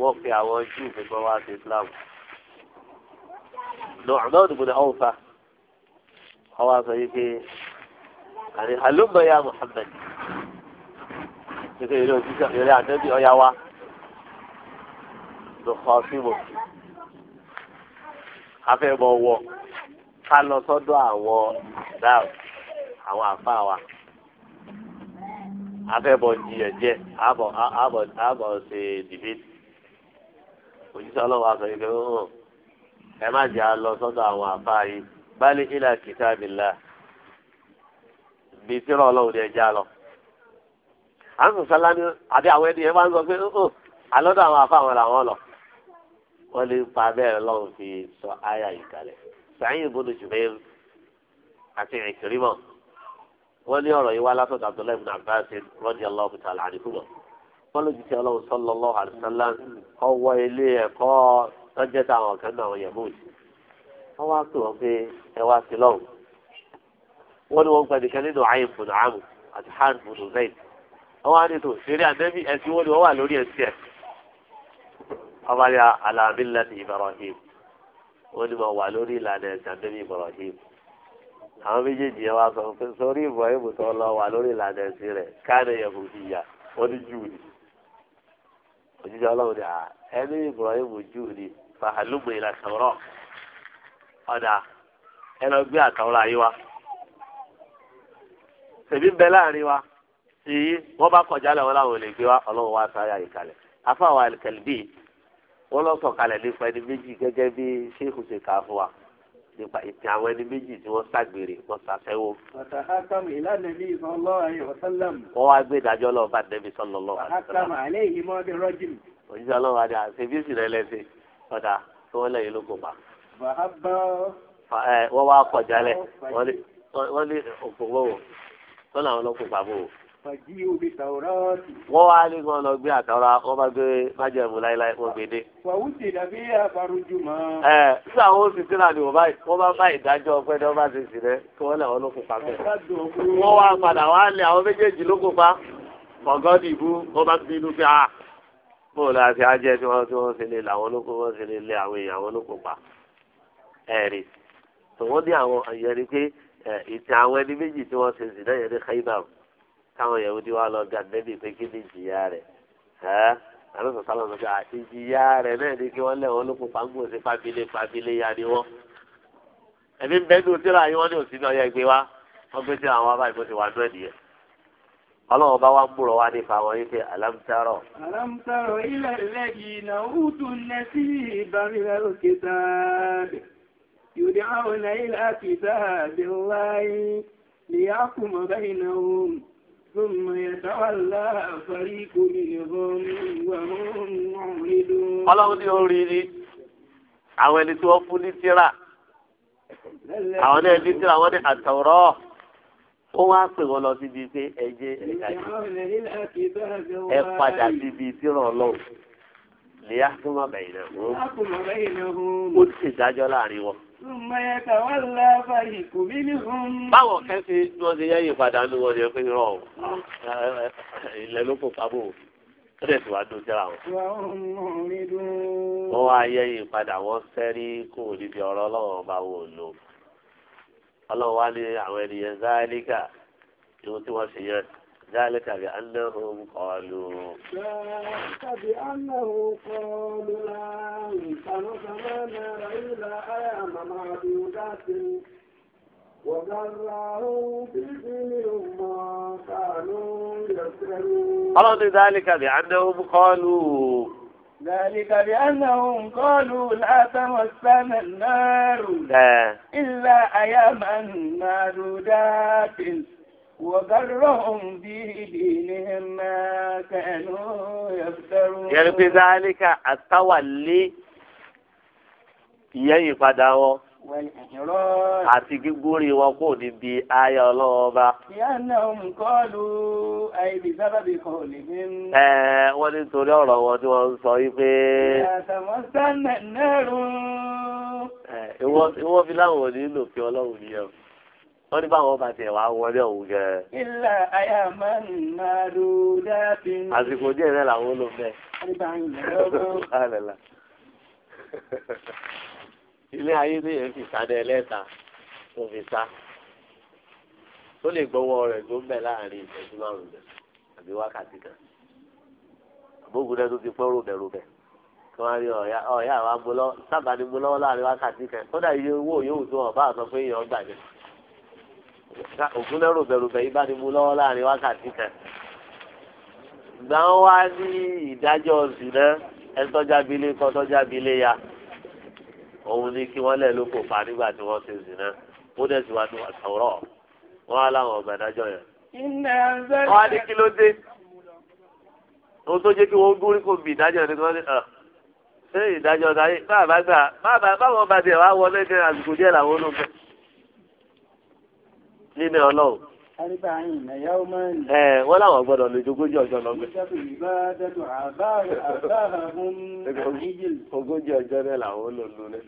wọ́n pe àwọn júù pé gbọ́ sí islam lọ́ọ̀dọ́ òdìbò ọ̀hún fa ọwọ́ àṣọ yìí pé àlùmọ̀ ya muhammed kíkẹ́ eré òṣìṣẹ́ eré àtẹ́bí ọ̀yá wa ló kọ́ síbò afẹ́bọ̀ wọ ká lọ sọ́dọ̀ àwọn dáàb àwọn àfa wa afẹ́bọ̀ jiyàn jẹ́ àbọ̀ àbọ̀ àbọ̀ ṣe dìbìtì òṣìṣẹ́ ọlọ́wọ́ aṣọ yìí kẹ́kẹ́ ẹ má jẹ́ lọ sọ́dọ̀ àwọn àfa yìí bá lè ilà kìtàbílà bìtìrọ̀ ọlọ́run ni ẹ já lọ à ń sọ̀sálá ní àbí àwọn ẹni yẹn máa ń sọ pé ó alọ́dọ̀ àwọn afá àwọn làwọn lọ. wọ́n lè pa bẹ́ẹ̀ lọ́wọ́ fi sọ àyà yìí kalẹ̀ sàyìn ìbòdò jùmẹ́r àti ìkìrímọ̀ wọ́n ní ọ̀rọ̀ yìí wá látọ̀dọ̀ Abdullahi ibn Abbas radiyallahu ta'ala anhuma wọ́n lójú tí ọlọ́run sallallahu alaihi wasallam ọwọ́ ilé ẹ̀kọ́ lọ́jẹ́ táwọn kan náà wọ́n yẹ̀ mú yìí wọ́n wá pè wọ́n pé ẹ wá sí lọ́hùn wọ́n ní wọ́n àwọn àdètò eré àdẹ́bí ẹ̀sìn wo ni wọ́n wà lórí ẹ̀sìn ẹ̀ ọba ní alábílẹ̀ ní Ibrahim wọ́n ní mo wà lórí ìlànà ẹ̀sìn àdẹ́bí Ibrahim àwọn méjèèjì yẹn wá sọ pé sórí Ibrahim tó lọ wà lórí ìlànà ẹ̀sìn rẹ̀ káàdé yẹn kò fi yà wọ́n ní jù ní òjijì ọlọ́run ni ẹni Ibrahim jù ní fàhálùmù ìlà sọ̀rọ̀ ọ̀dà ẹ lọ gbé àtàwọn ayé wa bẹ láàrin wa tí wọ́n bá kọjá lẹ́wọ́n láwọn ò lè gbé wa ọlọ́run wá sáyà ìkàlẹ̀ afáwọn alikẹ́lẹ́bí wọ́n lọ sọ̀kalẹ̀ nípa ẹni méjì gẹ́gẹ́ bí sèkù ṣe kà á fún wa nípa ìtàn àwọn ẹni méjì tí wọ́n ságbèrè wọ́n sàṣẹ́wó. wọ́n wá gbé ìdájọ́ lọ bá nẹ́bí sọ́lọ́lọ́ òṣìṣẹ́ ọlọ́run adé àṣebíyèsí rẹ lẹ́sẹ̀ ọ̀dà tí wọ́n lẹ́yìn ló kó pa. wọ́n wá kọjá lẹ̀ wọ́n ní wọ́n wá ní kí wọ́n lọ gbé àtàwọn wọ́n bá gbé májẹ̀mú láíláí wọ́n gbé dé. ẹ sí àwọn oṣù tí náà ni wọ́n bá bá ìdájọ́ ọpẹ́ ní wọ́n bá ti sì rẹ kí wọ́n lẹ̀ wọ́n ló kó pa bẹ́ẹ̀. wọ́n wá padà wá lé àwọn méjèèjì ló kó pa ọ̀gọ́dì ìbú wọ́n bá bínú pé a ah, bóun la fi ajẹ́ tí wọ́n tí wọ́n ṣe lè làwọn olóko wọ́n ṣe lè lé àwọn èèyàn àwọn olóko pa ẹ̀rì tòun ní àwọn ìyẹn ni pé ìtàn àwọn ẹni méjì tí wọ́n ṣe sì náà yẹn ní táwọn yahudi wa lọ ga nẹbi pé kí ni jìyà rẹ̀ ẹ àlọsọ sálọ sọ pé àti jìyà rẹ̀ náà ni kí wọn lẹ wọn lóko pàǹgò sí fábílẹ fábílẹ ya ni wọn ẹbí bẹẹni òtíra yín wọn ní òsì náà yẹ gbé wa wọn gbé sí àwọn abáyé bó ti wà nú ẹnìyẹn ọlọ́run bá wá ń búrọ̀ wá nípa àwọn yìí pé alámtárọ̀. alámtárọ̀ ilẹ̀ lẹ́yìn náà ọlọ́run ní orí ni àwọn ẹni tí wọ́n fún ní tíra àwọn ẹni ní tíra wọ́n ní àtọ̀rọ̀ ó wá pè wọ́n lọ síbi pé ẹ jẹ́ ẹ padà síbi tíra ọlọ́run lè yá tó bẹ̀yìn náà ó ti dájọ́ láàrin wọn báwo kẹ́ ti lọ sí yẹ́yìn padà ní wọ́n yẹ pé rọ̀ ilẹ̀ ló kò pamọ́ ó tẹ̀ sí wàá dùn síra wọn. wọ́n wá yẹ́yìn padà wọ́n sẹ́rí kó o níbi ọ̀rọ̀ ọlọ́wọ́n bá wò lò ọlọ́wọ́ wá ní àwọn ènìyàn záálíkà tí wọ́n ṣe yẹn. ذلك بأنهم قالوا ذلك بأنهم قالوا لا يمكن زمانا إلا أيام معدودات وغرهم بدينهم ما كانوا يفترون قالوا ذلك بأنهم قالوا ذلك بأنهم قالوا لا تمسنا النار إلا أياما معدودات وغرهم بدينهم ما كانوا يفترون yẹn fi zálíkà àtàwálé ìyẹn ìpadà wọn àti gbígbórí wọn kò ní bi ayé ọlọ́wọ́ bá. yánà òun kọ́ lu àìbí sábàbí kan ò lè ní. ẹ wọ́n ní torí wọn tí wọ́n ń sọ yìí pé. àtàwọn sáà náà rún. ìwọ fi láwọn ò ní lò fi ọlọ́run nìyẹn wọ́n ní báwọn bá tiẹ̀ wá wọlé òun gẹ̀. ilà àyà máa ń máa ro dábì. àsìkò díẹ̀ náà làwọn ló fẹ́. ilé ayé ní yẹn fi sá dẹ lẹ́ta tó fi sá tó lè gbọ́wọ́ rẹ̀ tó ń bẹ̀ láàrin ìṣẹ́jú márùn-ún àbí wákàtí kan àbógun náà tó ti pẹ́ rúbẹ̀rúbẹ̀ kí wọ́n rí ọ̀yá ọ̀yá àwọn amúlọ́ sábà ni mo lọ́wọ́ láàrin wákàtí kan kódà iye owó yòówù tó ọ̀ bá àtọ́ pé èèyàn gbà jẹ́ ògùn náà rògbẹ̀rògbẹ̀ yìí bá ti mú lọ́wọ́ láàrin wákàtí kan. ìgbà wọn wá ní ìdájọ́ zìnà ẹtọ́jábílé kọ́tọ́jábílé ya òun ni kí wọ́n lẹ̀ ló kò fa nígbà tí wọ́n ṣe zìnà ó dẹ̀ sì wá ní àtọ̀rọ̀ wọn á láwọn ọ̀gbà ìdájọ́ yẹn. wọ́n á ní kí ló dé ohun tó jẹ́ kí wọ́n gúrí kò bí ìdájọ́ ni wọ́n ah, ṣé ìdájọ́ táyé bá àbá gbà báwọn bá tiẹ̀ wá wọlé ní àsìkò díẹ̀ làwọn olóńgbẹ́ nínú ọlọ́run. Ẹ wọ́n láwọn gbọ́dọ̀ lè jogójì ọjọ́ lọ́gbẹ́. Ogójì ọjọ́ náà làwọn olóòlù rẹ̀.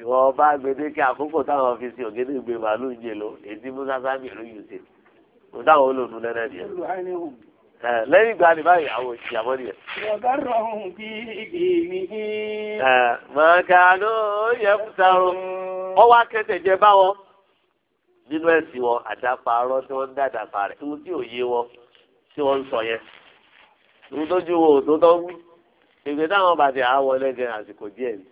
Ìwọ ọba gbèdéke àkókò táwọn fi sin ògédè gbé màálù ń jẹ lọ, èdè Musa Sábì ló yù sí. Kò táwọn olóòlù rẹ̀ Lẹ́yìn ìgbà ni báyìí àwọn ìyàwó nìyẹn. Màkà ló yẹ fúta o, ọwọ́ akẹ́tẹ̀ jẹ báwọn nínú ẹ̀sìn wọn àdápa tí wọ́n ń dá àdápa rẹ̀ ohun tí ò yé wọn tí wọ́n ń sọ yẹn ohun tójú wo òtó tó wí ìgbé táwọn bàtẹ àwọn ẹlẹ́gẹ̀ẹ́ àsìkò díẹ̀ ni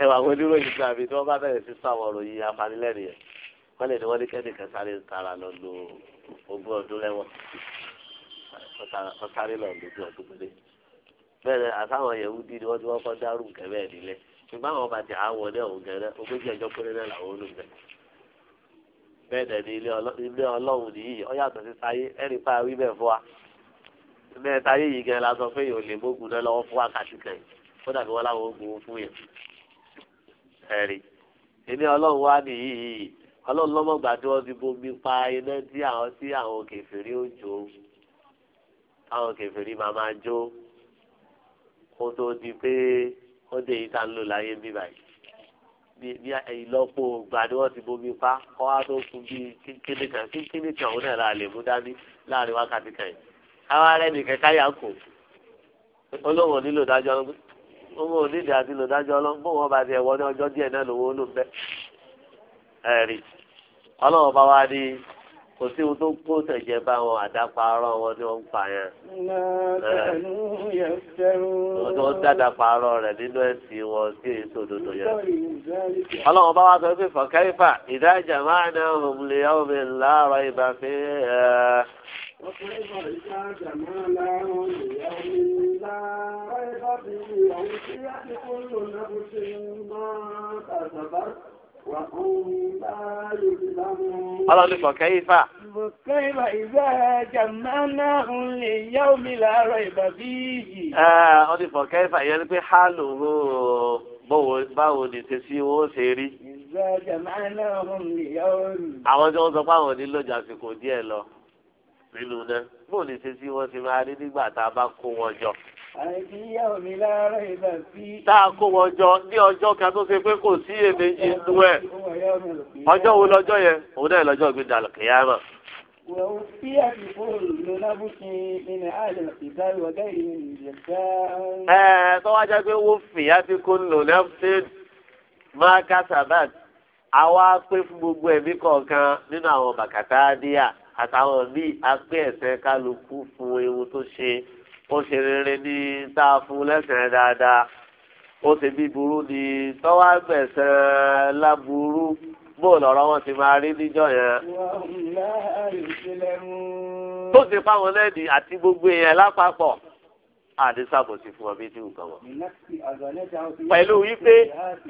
ẹ wà wọn dúró yìí tàbí tí wọ́n bá bẹ̀rẹ̀ sí sáwọn ròyìn afanilẹ́rìn yẹn wọ́n lè ní wọ́n ní kẹ́nìkan sáré tara lọ lo ogún ọdún lẹ́wọ̀n ọ̀sáré lọ lójú ọdún péré bẹ́ẹ̀ àtàwọn yẹ̀wù dí ni wọ́n ti wọ́n kọ́ dárú nkẹ́ bẹ́ẹ̀ nílẹ̀ ṣùgbọ́n àwọn bàtẹ àwọn ọ̀dẹ́ òun ogójì ọjọ́ péré làwọn olùgbẹ́ bẹ́ẹ̀ dẹ̀ ni ilé ọlọ́run nìyí ọ sí sáyé ẹni pa wí bẹ́ẹ̀ fún wa mẹ́ta yé yìí gan la sọ pé yòó lè mógun náà lọ́wọ́ fún wákàtí kan yìí kó dàbí wọn láwọn ogun fún yẹn ẹ̀rí ilé ọlọ́run wa nìyí ọlọ́run lọ́mọ̀gbà tí wọ́n ti bomi pa iná tí àwọn tí àwọn kèfèrí ó jó àwọn kèfèrí máa máa jó kó tó di pé ó dé yìí ń lò láyé bí bí ìlọ́po ìgbà ni wọ́n ti bomi pa kọ́ wá tó kun bí kíkíní kan kíkíní kan òun náà la lè mú dání láàrin wákàtí kan yìí káwá rẹ nìkan káyà kò olóhùn nílò dájọ́ owó onídìí àti lò dájọ́ ọlọ́run bóun ọba ti ẹ̀wọ́ ní ọjọ́ díẹ̀ náà lówó ló ń bẹ́ ẹ̀rí ọlọ́run bá wá ní kò sí ohun tó kó tẹ̀jẹ̀ bá wọn àdáparọ́ wọn ni wọ́n ń pa yẹn. ohun tó ń dàdàparọ́ rẹ̀ nínú ẹ̀sìn wọn sí èso òdodo yẹn. ọlọ́run bá wa sọ pé fọ̀kẹ́fà ìdájà máa ń náà hùm lè yọ̀ mí láàárọ̀ ìbá fi ẹ̀. Thank Ọlọ́run fọ̀kẹ́ ifá. Fọ̀kẹ́ ifá ìgbà jàmánà ń lè yá omi làárọ̀ ìbà bí yìí. Ẹ ọ ti fọ̀kẹ́ ifá ni pé há lòró báwo ni ṣe sí owó ṣe rí. Ìgbà jàmánà ń lè yá omi. Àwọn tí wọ́n sọ pé àwọn onílòjà sì kò díẹ̀ lọ nínú náà. Bóòlù ṣe sí wọ́n ti máa rí nígbà tá a bá kó wọn jọ tá a kó wọn jọ ní ọjọ́ kan tó ṣe pé kò sí èméjì inú ẹ̀ ọjọ́ wo lọ́jọ́ yẹn òun náà lọ́jọ́ gbé dàlù kìyàmà. ẹ̀ẹ́ tó wá jẹ́ pé wọ́n fìyà tí kò ń lò lẹ́fún máa ká sàbàt àwa pé fún gbogbo ẹ̀mí kọ̀ọ̀kan nínú àwọn bàkàtà díà àtàwọn míì a pé ẹ̀ṣẹ̀ kálukú fún ewu tó ṣe é ó ṣe rere ní tá a fún lẹ́sẹ̀ dáadáa ó ṣe bí burú ni tọ́wá gbẹ̀sẹ̀ láburú bóò lọ́rọ́ wọn ti máa rí níjọ́ yẹn. tó ti fáwọn lẹ́ẹ̀dì àti gbogbo èèyàn lápapọ̀ àdísàbò sí fún ọbẹ̀ tí ò kàn wọ́n. pẹ̀lú wípé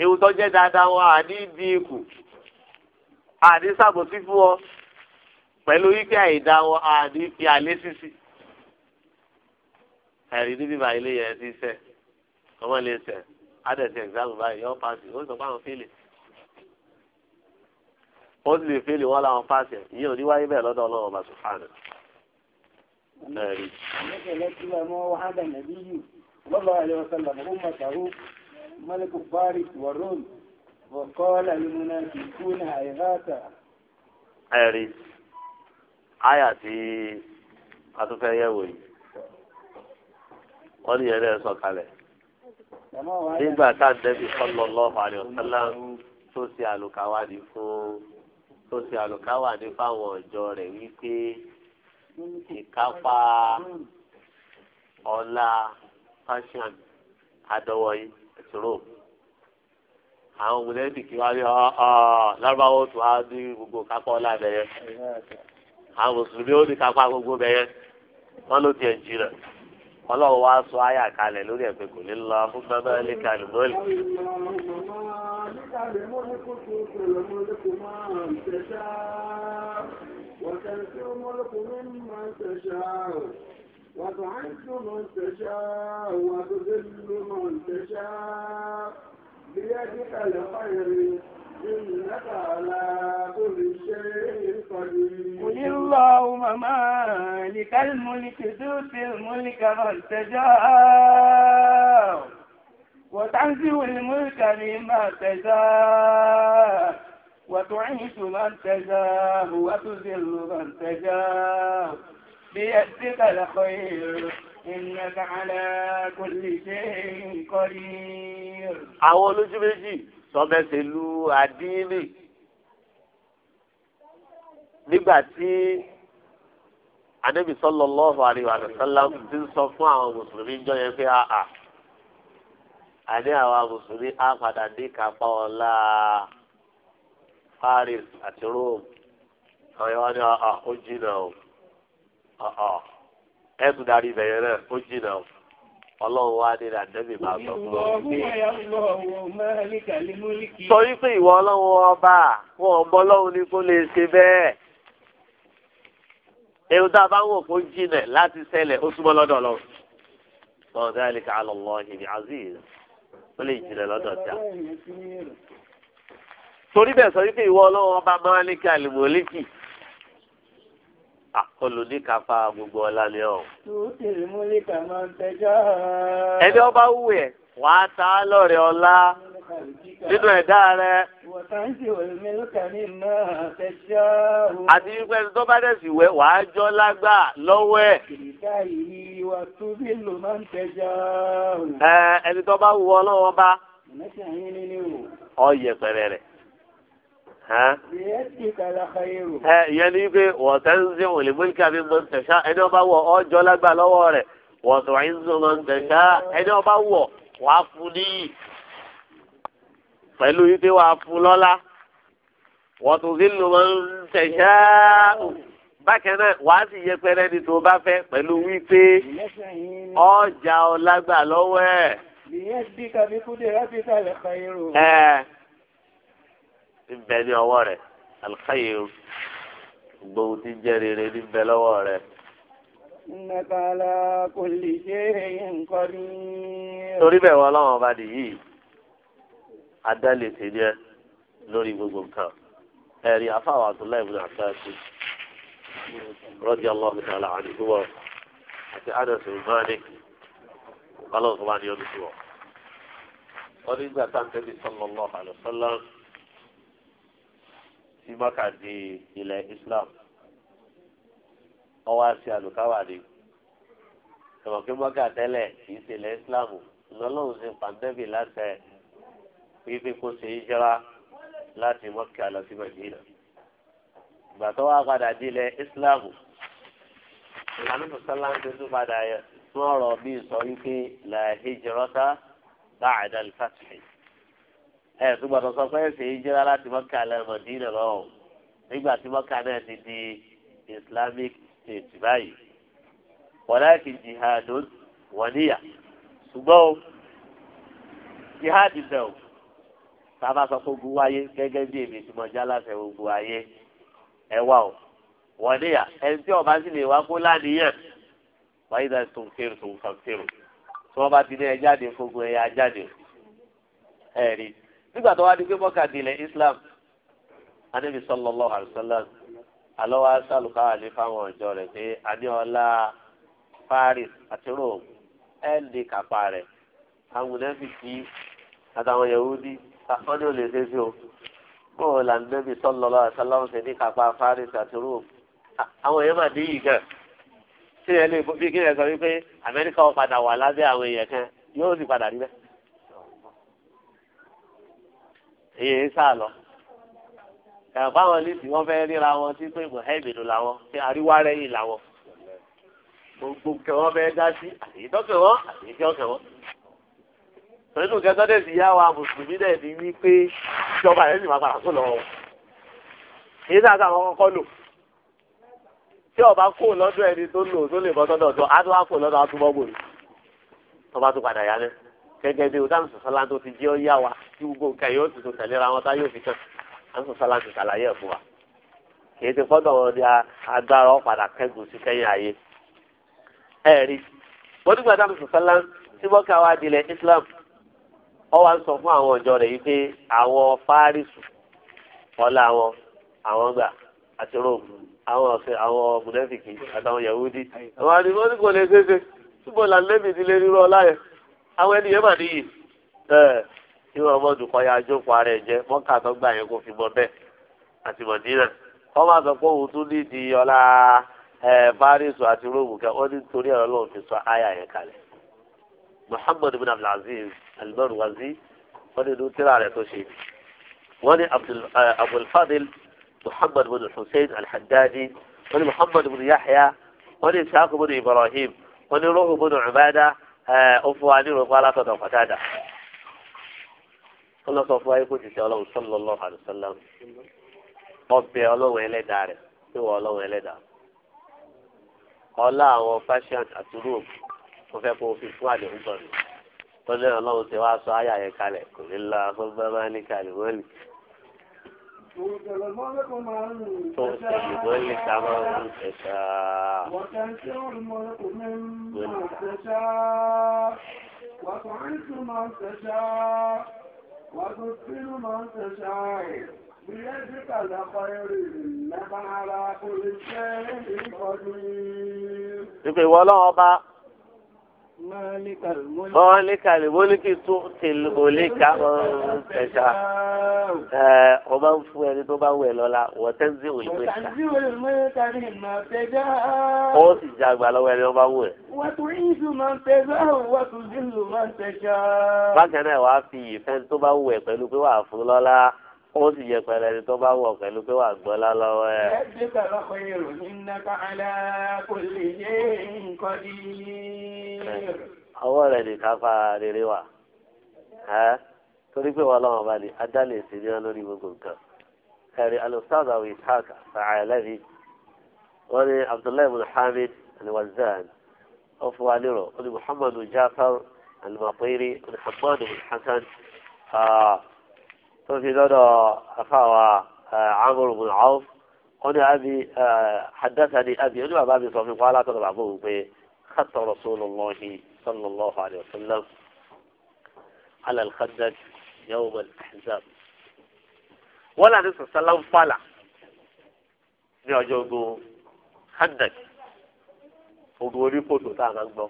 ewu tó jẹ́ dáadáa wọn àní di ikù àdísàbò sí fún ọ pẹ̀lú wípé àìdá wọn àní fi àlé sísì ẹ̀rí níbí báyìí lè yẹ ẹ ti sẹ́ ọmọ lè sẹ́ adẹ̀sí ẹ̀gbáàmù báyìí yọ paasi ó sọ fáwọn fílì ó sì lè fílì wọn làwọn paasi ẹ̀ ìyẹn ò ní wáyé bẹ́ẹ̀ lọ́dọ̀ ọlọ́run ọba sùfàánù. ملك فارس والروم وقال للمنافقون هيهاتا ẹ̀rí àyà tí a tún wọ́n ní ẹ̀rẹ́ sọ kalẹ̀. nígbà tá a dẹ́bi sallallahu alaihi wasallam tó ṣe àlùkáwà ní fún tó ṣe àlùkáwà ní fáwọn ọ̀jọ́ rẹ̀ wípé ìkápá ọ̀la fashion adọ́wọ́yé ẹ̀tùrọ̀ àwọn mùlẹ́bí kí wá rí ọ ah, ah, lárúbáwò tó wá ní gbogbo kápá ọ̀la bẹ̀yẹ àwọn mùsùlùmí ó ní kápá gbogbo bẹ̀yẹ wọ́n ló ti jí rẹ̀ ọlọ́run wá sọ àyà kalẹ̀ lórí ẹ̀pẹ́ kò lè lọ fún bẹ́bẹ́ lè kalẹ̀ bọ́ọ̀lì. وتعز من تشاء وتذل من تشاء بيدك الخير قل اللهم مالك الملك تؤتي الملك من تشاء وتنزع الملك مما تشاء وتعيش من تشاء وتذل من تشاء بيدك الخير إنك على كل شيء قدير. àwọn olójú sọmẹsẹlú àdínì nígbà tí anabi sallallahu alaihi wa sallam ti ń sọ fún àwọn mùsùlùmí jọ yẹn pé àà àní àwọn mùsùlùmí á padà ní kápá ọlá Paris àti Rome àwọn yẹn wá ní àà ó jìnnà o àà ẹ tún darí ibẹ̀ yẹn náà ó jìnnà o ọlọ́run wá dé àdẹ́bì máa sọ fún ọ. sọ wípé ìwọ ọlọ́run ọba wọn ọmọ ọlọ́run ni kó lè ṣe bẹ́ẹ̀. ewu tá a bá ń wò kó jìnà láti ṣẹlẹ̀ ó súnmọ́ lọ́dọ̀ lọ. wọn dá ká lọ lọ ìbí azeez ó lè jìnà lọ́dọ̀ tí torí bẹ́ẹ̀ sọ wípé ìwọ ọlọ́run ọba máa ń kí àlùmọ́lẹ́kì olùdíkàfà gbogbo ọlá ni ọ. ẹni ọba wù ẹ wàá ta lọ́rẹ̀ ọlá nínú ẹ̀dá rẹ. àti wípé ẹni tó bá dẹ̀ sì wẹ̀ wàá jọ́ lágbà lọ́wọ́ ẹ̀. ẹni tó bá wù ọ lọ́wọ́ bá. ọ yẹpẹrẹ rẹ̀. Eh, ìyẹn ní pé wọ́tẹ́ ń sìn òlè mú kíkà mi mọ̀ ń tẹ̀sá ẹni ọba wọ̀ ọjọ́ lágbà lọ́wọ́ rẹ̀ wọ̀tọ̀ ń sìn mọ̀ ń tẹ̀sá ẹni ọba wọ̀ wàá fún níyì pẹ̀lú yìí pé wàá fún lọ́lá wọ́tọ̀ sí ló mọ̀ ń tẹ̀sá bákan náà wàá sì yẹpẹrẹ ni tó bá fẹ́ pẹ̀lú wípé ọjà ọlágbà lọ́wọ́ ẹ̀ ń bẹ ní ọwọ́ rẹ̀ alkhayr gbogbo ti jẹ́ rere ní bẹ lọ́wọ́ rẹ̀. Innaka ala kulli shay'in qadir. torí bẹ́ẹ̀ wọ́n ọlọ́run ọba nìyí adálẹ̀ tèmi ẹ lórí gbogbo nǹkan ẹ̀rí afáwọn Abdullahi ibn Abbas radiyallahu ta'ala anhu àti Anas ibn Malik ọlọ́run tó bá ní ọdún sí wọn. wọ́n ní gbàtà ń tẹ́lẹ̀ sallallahu sí mọ́kà di ilẹ̀ Islam wọ́n wá sí àlùkáwàdì ìmọ̀ pé mọ́kà tẹ́lẹ̀ kì í ṣe ilẹ̀ Islam lọ́lọ́run ṣe pàǹdẹ́bì láṣẹ wípé kó ṣe ìjọra láti mọ́kà lọ sí Mẹ́dínà ìgbà tó wá padà di ilẹ̀ Islam ìlànà mùsùlùmí ti tún padà yẹ fún ọ̀rọ̀ bíi sọ wípé la hijrata ba'da al-fath ẹ tó gbọ́dọ̀ sọ pé ẹsẹ yìí jẹrà láti mọkà lẹmọ dínà lọ́wọ́ nígbà tí mọkà náà ti di islamic state báyìí walakin jihadun waniya ṣùgbọ́n o jihad bẹ o sábà sọ fún gbogbo ayé gẹ́gẹ́ bí èmi tí mo já láṣẹ gbogbo ayé ẹ wá o waniya ẹni tí ọba sì lè wá kó láníyàn wáyé náà tó ń fèrè tó ń fà fèrè tí wọn bá ti ní ẹ jáde fún gbogbo ẹ jáde ẹ rí i nígbà tó wá di pé mọ́kà dilẹ̀ islam anabi sallallahu alayhi wa sallam alọ́wọ́ asálùkà wà ní fáwọn ọ̀jọ́ rẹ̀ pé adéọlá paris àti rome ẹ̀ẹ́dì kápá rẹ̀ àwọn nẹ́fìsì àtàwọn yahudi àwọn ní olè ṣe sí o bóò là ń débi sallallahu alayhi wa sallam ṣe ní kápá paris àti rome àwọn èèyàn mà dé yìí gan ṣé ẹ lè bí kí ẹ sọ wípé amẹ́ríkà ó padà wà lábẹ́ àwọn èèyàn kan yóò sì padà rí bẹ́ẹ̀. èyí sá lọ ẹ̀fọ́ àwọn lẹ́sìn wọ́n fẹ́ ríra wọn sí pé mọ̀hẹ́mìlú làwọn sí àríwá rẹ́yìn làwọn gbogbo kẹ wọn fẹ́ dá sí àtẹ̀yìntọ́kẹ̀ wọn àtẹ̀yìntọ́kẹ̀ wọn pẹ̀lú kẹtọ́ dẹ̀ sì yá mùsùlùmí dẹ̀ ní wípé ìjọba yẹn sì máa padà sùn lọ́wọ́ èyí náà sàwọn kọ́kọ́ lò tí ọba kò lọ́dọ̀ ẹni tó lò tó lè bọ́ sọ́dọ̀ tó á tó wá kò lọ́dọ̀ á túbọ̀ gbòòrò tó bá tún padà yá gẹ́gẹ́ bí ọ̀dà sọ̀sọ́lá tó ti jẹ́ ọ́ yá wa tí gbogbo nǹkan yóò ti tó tẹ̀léra wọn tá yóò fi tán sọ̀sọ́lá ti ṣàlàyé ẹ̀ fún wa kì í ti fọ́dọ̀ wọn ni agbára ọ̀padà kẹ́gùn sí kẹ́yìn ayé ẹ̀rí wọ́n ti gbàdá sọ̀sọ́lá tí wọ́n ká wa dilẹ̀ Islam ọ wá ń sọ fún àwọn ọ̀jọ́ rẹ̀ yìí pé àwọn fárísù ọlá wọn àwọn gbà àti róòmù àwọn ọ̀sẹ̀ àwọn mùnẹ́fìkì àtàwọn yahudi àwọn àdìmọ́ ní kò lè ṣeéṣe túbọ̀ làǹdẹ́bì ti lè rírọ́ ọlá àwọn ènìyàn mà níyì ẹ kí wọn mọ dùkọ ya jókòó ara ẹ jẹ mọkà tó gbà yẹn kó fi mọ bẹ́ẹ̀ àti mọdínà wọn máa sọ pé òun tún nídìí ọlá ẹ fárísù àti róòmù kẹ ọ nítorí ọ̀rọ̀ lọ́wọ́ fi sọ àyà yẹn kalẹ̀ muhammadu bin abdulaziz alimadu wazi wọn nínú tíra rẹ tó ṣe wọn ní abdulfadil muhammadu bin hussein alhaddadi wọn ní muhammadu bin yahya wọn ní isaaku bin ibrahim wọn ní rohu bin ubadah. ó fún wa fún alásọ̀dọ̀ pàtàdà ó lọ sọ fún wa ikú títí ọlọ́run sallallahu alaihi wasallam ọbẹ̀ ọlọ́run ẹlẹ́dàá tí wọ́n ọlọ́run ẹlẹ́dàá ọlá àwọn fashion kó تؤتي كل ثمر من تشاء وتنزع الملك ممن تشاء وتعز من تشاء وتذل من تشاء بيدك الخير انك على كل شيء قدير mọ́líkà lèmọ́líkì tó tèlèmọ́líkà ọ̀ṣẹ̀ṣà ẹ̀ ọba ń fún ẹni tó bá wẹ̀ lọ́la wọ́tẹ́ńsì olùmọ́líkà ó sì jẹ́ àgbà lọ́wọ́ ẹni ọba wù ẹ̀. bákan náà wàá fi ìfẹ́ tó bá wù ẹ̀ pẹ̀lú pé wàá fún lọ́la ó sì yẹ pẹ̀lẹ́ ẹni tó bá wọ̀ pẹ̀lú pé wà gbọ́ lálọ́wọ́ ẹ̀. ẹbí bàbá kò yẹ rò ní nàkà àlà kò lè yé nǹkan di. ọwọ́ rẹ̀ nìkan fa rere wà torí pé wọn lọ́wọ́ bá ní adálẹ̀ ìsinmi wọn lórí gbogbo nǹkan. ẹ̀rí alùsáàdà wí táàkà sàáyà lẹ́bi wọ́n ní abdullahi bin hamid alwazan ó fún wa nírọ̀ ó ní muhammadu jafar almaqiri ó ní hamadu bin hasan. Ah, tó fi lọ́dọ̀ àfàwà amúrù bùn áwùf wọn ni abi hadasa ni abi ó ní bàbá mi sọ fún wa látọ̀dọ̀ bàbá òun pé kàtà rasulullahi sallallahu alayhi wa sallam ala al-khandaq yawm al-ahzab wọn là ní sọ̀sálà ń falà ní ọjọ́ ogun khandak ogun orí kòtò tá a máa ń gbọ́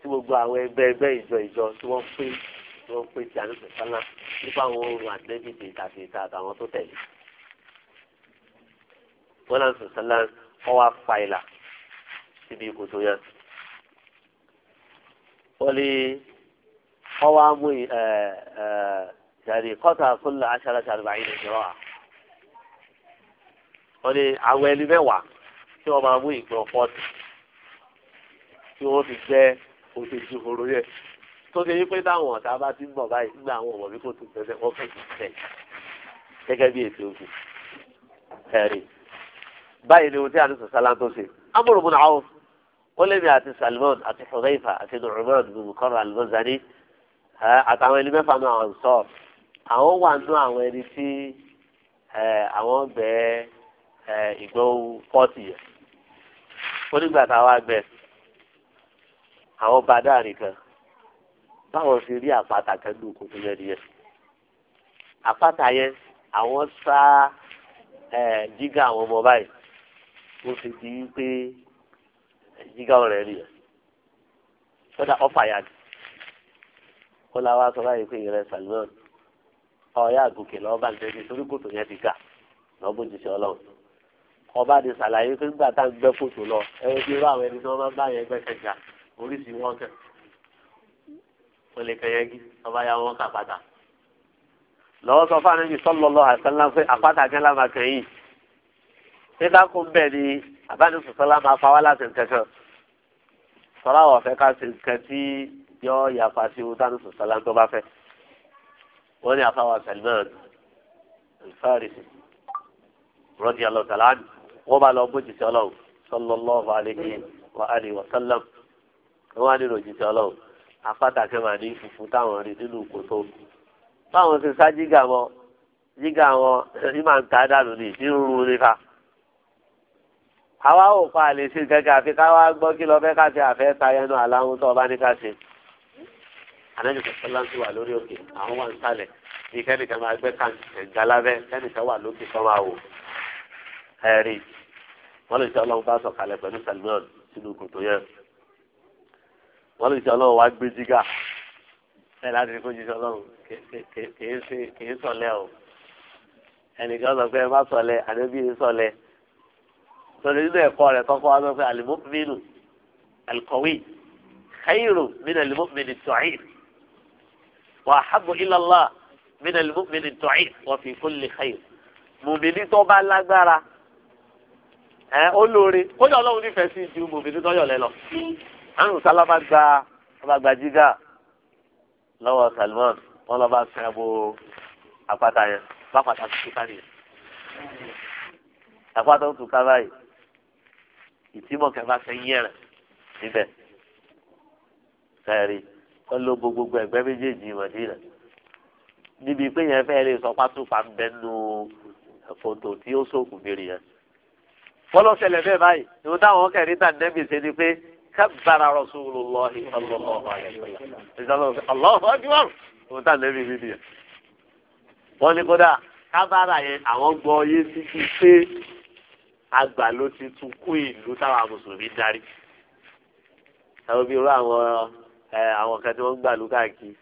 tí gbogbo àwọn ẹgbẹ́ ẹgbẹ́ ìjọ ìjọ tí wọ́n pín tó ń pèsè àlùfẹ́ sálá nípa àwọn ohun àtẹ́bí tètàtètà àtàwọn tó tẹ̀lé. wọ́n náà sọ sálá wọ́n wá fa ìlà síbi ìkòtò yẹn. wọ́n lè wọ́n wá mú ìdàrí kọ́tà kúnlẹ̀ aṣáájú àṣàlùbà yìí nìjọ́ wa. wọ́n lè àwọn ẹni mẹ́wàá tí wọ́n máa mú ìgbọ̀n pọ́ọ̀tù tí wọ́n fi gbẹ́ òṣèṣì horo yẹn tó ṣe yí pé táwọn ọ̀tá bá ti ń bọ̀ báyìí nígbà àwọn ọmọ mi kò tún tẹ̀sẹ̀ wọ́n fẹ́ tún tẹ̀ gẹ́gẹ́ bí ètò òkú ẹ̀rí báyìí ni ohun tí a ti sọ sálá tó ṣe Amr ibn Awf ó lé mi àti Salman àti Hudhayfa àti Nu'man bin Mukarrar al-Muzani àtàwọn ẹni mẹ́fà náà àwọn sọ àwọn wà nù àwọn ẹni tí àwọn bẹ́ẹ̀ ìgbọ́ pọ́ọ̀tì yẹn ó nígbà táwa gbẹ àwọn bá dáa báwọn ṣe rí àpáta kẹ́lú òkúkú yẹn nìyẹn àpáta yẹn àwọn sá jígà àwọn ọmọ báyìí ó sì di pé jígà ọ̀rẹ́ nìyẹn sọ́dà ọ̀fà yàgì ó la wá sọ báyìí pé ìrẹ Salman ọ̀ọ́yà àgùkè lọ́ọ́ bá ń tẹ́lẹ̀ torí kòtò yẹn ti gà lọ́ọ́ bójú ọlọ́run ọba di sàlàyé pé nígbà tá à ń gbẹ́ fòtò lọ ẹ̀rọ ti rú àwọn ẹni tí wọ́n máa ń bá yẹn gbẹ́kẹ̀jà oríṣi wọn kẹ́ o lè kẹyẹgí ọba ya wọn kà pátá lọ́wọ́ sọ fún anabi sallallahu alaihi wasallam pé àpáta kẹlá máa kàn yìí nígbà kó ń bẹ ni abánisọsọlá máa fa wá láti nkankan sọlá ọ̀fẹ́ ká ṣe nǹkan tí yọ yàfa sí ohun tánú sọsọlá tó bá fẹ́ wọ́n ní àfáwà Salman al-Farisi radiyallahu ta'ala anhu wọ́n bá lọ bójì sí ọlọ́run sallallahu alaihi wa alihi wa sallam wọ́n á nílò òjì sí ọlọ́run afáta kan máa ní funfun táwọn rí nínú kòtò báwọn ti sá jígà wọn jígà wọn ní máa ń ta dànù ní ìrúru nípa. àwa ò pa àlè sí gẹ́gẹ́ àfi ká wá gbọ́ kí lọ fẹ́ ká ṣe àfẹ́ ta ẹnu àláwọn tó ọba ní ká ṣe. ànájú kẹsàn ti wà lórí òkè àwọn wà ń sálẹ̀ bí kẹ́nìkan máa gbẹ́ kàǹgà lábẹ́ kẹ́nìkan wà lókè kan máa wò. ẹ̀rí wọ́n lè ṣe ọlọ́run bá sọ̀kalẹ̀ pẹ̀lú Salman sínú kòtò yẹn wọ́n lè ṣe ọlọ́run wá gbé jígà ẹ̀ láti kó jíṣẹ́ ọlọ́run kìí sọlẹ̀ o ẹnìkan sọ pé ẹ má sọlẹ̀ àdébí yìí sọlẹ̀ sọlẹ̀ nínú ẹ̀kọ́ rẹ̀ tọ́kọ́ wá sọ pé alimọ́mìnú alikọ̀wé khayru min alimọ́mìnì tọ́hìn wà hábù ilàlá min alimọ́mìnì tọ́hìn wọ́n fi kulli khayr mùmìnì tó bá lágbára ẹ̀ ó lóore kó yọ ọlọ́run nífẹ̀ẹ́ sí ju mùmìnì tó yọ̀ lẹ́ lọ àwọn sálábà gba ọba gba jígà Salman wọn lọ́ba sẹ́bo àpáta yẹn lápáta tó kíkà nìyẹn àpáta tó kíkà báyìí ìtìmọ̀ kẹfà sẹ́yìn rẹ̀ níbẹ̀ kẹrin wọn ló gbogbo ẹgbẹ́ méjèèjì Mọ̀dínà níbi pé yẹn fẹ́ lè sọ pátúpà ń bẹ́ nu fòtò tí ó sókùn bèrè yẹn fọlọ́sẹ̀lẹ̀ bẹ́ẹ̀ báyìí ìwọ táwọn kẹrin tà nẹ́bì ṣe ni pé kábàárà Rasulullahi sallallahu alaihi wasallam ìṣàlọ́ Allahu akbar òun tà lẹ́bi mi nìyẹn. wọ́n ní kódà kábàárà yẹn àwọn gbọ́ yé títí pé àgbà ló ti tún kún ìlú táwọn mùsùlùmí darí. àwọn bí irú àwọn àwọn kan tí wọ́n ń gbà lù káàkiri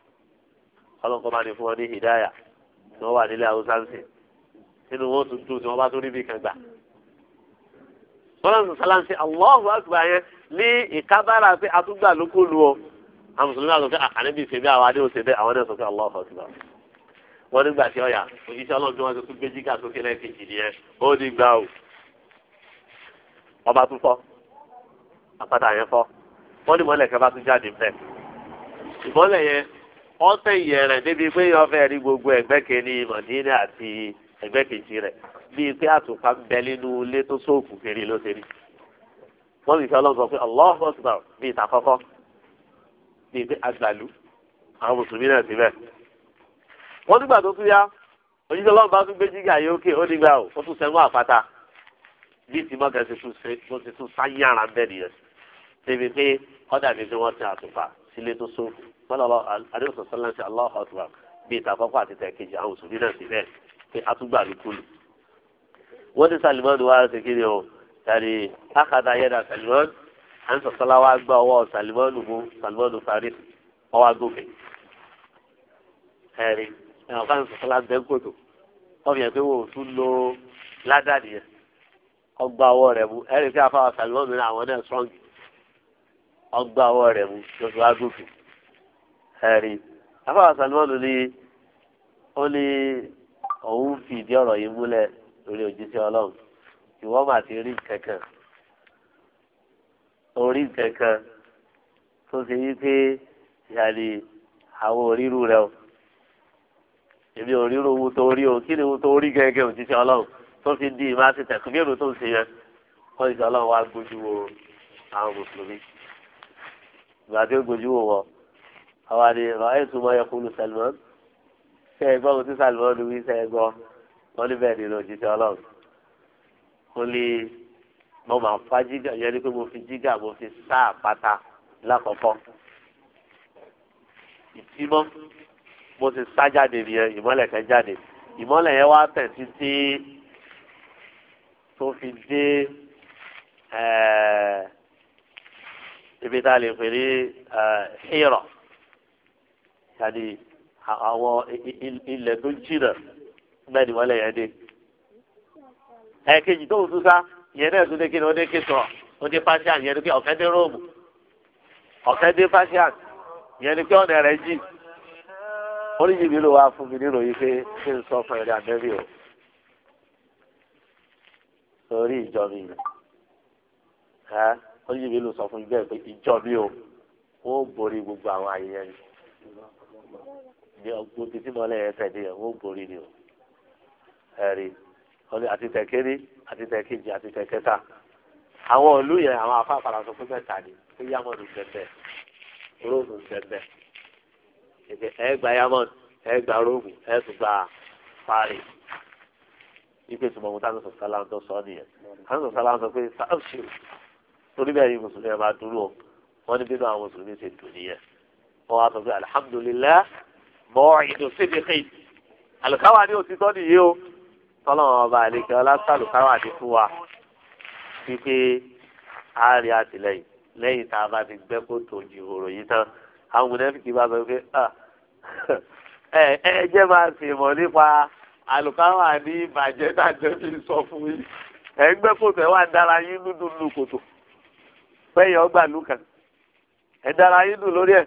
ọlọ́nkọ́ máa ní fún wọn ní hidaya tí wọ́n wà nílẹ̀ haúsá ń sìn nínú wọn tún tí wọ́n bá tún rí kan gbà fọlọ́n sọ̀sálàn ṣe Allahu akbar yẹn ní ìkábára pé atúgbà ló kó lu ọ àwọn mùsùlùmí àgbà pé àkànníbi ah, ìṣèlú àwọn adé òṣèlú bẹ́ẹ̀ àwọn náà sọ pé Allahu akbar wọ́n nígbà tí ọ̀yà òṣìṣẹ́ ọlọ́run tí wọ́n ti tún gbé jígà sókè lẹ́ẹ̀kejì nìyẹn ó ní gbà ó ọba tún fọ́ àpáta yẹn fọ́ wọ́n ní mọ́lẹ̀ kẹfà tún jáde fẹ́ ìmọ́lẹ̀ yẹn ọ́ tẹ̀yẹ̀ débi pé yọ fẹ́ gbogbo ẹ̀gbẹ́ kẹ́ni Mọ̀dínà àti ẹgbẹ́ kejì rẹ̀ bíi pé àtùpà ń bẹ nínú ilé tó sóòfù kiri ló ṣe rí wọ́n sì fi ọlọ́run sọ pé Allahu Akbar bíi ìtàkọ́kọ́ bíi pé agbàlú àwọn mùsùlùmí náà síbẹ̀ wọ́n nígbà tó tún yá òjíṣẹ́ ọlọ́run bá tún gbé jígà yìí ókè ó nígbà ó tún sẹ́nu àpáta bíi tí mọ́kẹ́ ṣe tún ṣe ló ti tún sáyé ara ń bẹ̀ nìyẹn débi pé ọ̀dà mi pé wọ́n ti àtùpà sílé tó sóòfù mọ́lá adéwòsàn sọ́lá pé atúgbà ló kú lù wọ́n ní Salimani wá ṣe kí ni o tàbí akada yẹ́dà Salimani ansasala wa gba ọwọ́ Salimani mú Salimani farid ọwọ́ agókè ẹ̀rí ẹ̀rọ kan ansasala bẹ́ẹ̀ kòtò wọ́n fi hàn pé wò ó tún lo ládàá nìyẹn ọgbà ọwọ́ rẹ̀ mú ẹ̀rí pé afáwọ̀ Salimani náà àwọn náà strong ọgbà ọwọ́ rẹ̀ mú lọ́sọ̀ agókè ẹ̀rí afáwọ̀ Salimani ni ó ní òun fi ìdí ọ̀rọ̀ yìí múlẹ̀ lórí òjíṣẹ́ ọlọ́run ìwọ́n mà ti rí kankan orí kankan tó ṣe yí pé ìyàlè àwọn oríru rẹ o èmi oríru owó tó rí o kí ni owó tó rí gẹ́gẹ́ òjíṣẹ́ ọlọ́run tó fi di ìmọ̀ àti tẹ̀kùn bí èrò tó ń ṣe yẹn wọ́n ìṣẹ́ ọlọ́run wá gbójú wo àwọn mùsùlùmí ìgbà tí ó gbójú wo wọ́n àwọn àdìrọ̀ ẹ̀ tún mọ́ ẹ̀kú lu Salman ṣe é gbọ́ òtún sàlùmọ́ ọdún wí ṣe é gbọ́ wọ́n ní bẹ́ẹ̀ nínú òṣìṣẹ́ ọlọ́run ó lè mo máa fa jígà yẹn ni pé mo fi jígà mo fi sá àpáta lákọ̀ọ́kọ́ ìtìmọ́ mo ti sá jáde nìyẹn ìmọ́lẹ̀ kan jáde ìmọ́lẹ̀ yẹn wá tẹ̀ títí tó fi dé eh, ibi tá a lè pè ní hírọ̀ eh, yàtí àwọn ilẹ̀ tó jìnà bẹ́ẹ̀ ni yẹn dé. ẹ̀ẹ́kejì tó ń tún sá yẹn náà tún dé kí wọ́n dé sọ ó dé pasian yẹn ni pé ọ̀kẹ́ dé róòmù ọ̀kẹ́ dé pasian yẹn ni pé ọ̀nà rẹ̀ jì oríṣiríṣi ló wá fún mi níròyìn pé kí n sọ fún ẹ̀rẹ́ àbẹ́rẹ́ o sórí ìjọ mi ẹ oríṣiríṣi ló sọ fún mi bẹ́ẹ̀ pé ìjọ mi o ó borí gbogbo àwọn ayẹyẹ ní ọgbó títí mọ́lẹ̀ ẹsẹ̀ ni ẹ̀ wọ́n borí ni o ẹ̀rí àti tẹ̀kẹ́rí àti tẹ̀kejì àti tẹ̀kẹta àwọn ìlú yẹn àwọn afáfàrà sọ pé mẹ́ta ni pé yámọ̀nù tẹ̀tẹ̀ róòmù tẹ̀tẹ̀ ẹ̀ gba yámọ̀nù ẹ̀ gba róòmù ẹ̀ tún gba fáàrí ipe tí mo mú tánù sọ sálá tó sọ nìyẹn tánù sọ sálá sọ pé sáàṣì torí bẹ́ẹ̀ ni mùsùlùmí ẹ̀ máa dúró wọn ní bínú àwọn mùsùlùmí ṣe dùn nìyẹn wọn wá sọ pé alihamudulilayi bọ́ ìdò sídìkì àlùkáwà ní òtítọ́ nìyí o tọ́lọ́mọ ọba àlekè ọlásà àlùkáwà ní fún wa wípé a rí àtìlẹ́yìn lẹ́yìn tá a bá ti gbẹ́ kó tó jìhòrò yìí tán àwọn mùnẹ́fìkì bá sọ pé ẹ ẹ jẹ́ máa ṣèmọ̀ nípa àlùkáwà ní ìbàjẹ́ tàjẹ́ fi sọ fún yín ẹ̀ gbẹ́ kòtò ẹ̀ wà ń dára yín dúdú lu kòtò fẹ́yìn ọgbà lù kàn ẹ̀ dára yín dùn lórí ẹ̀.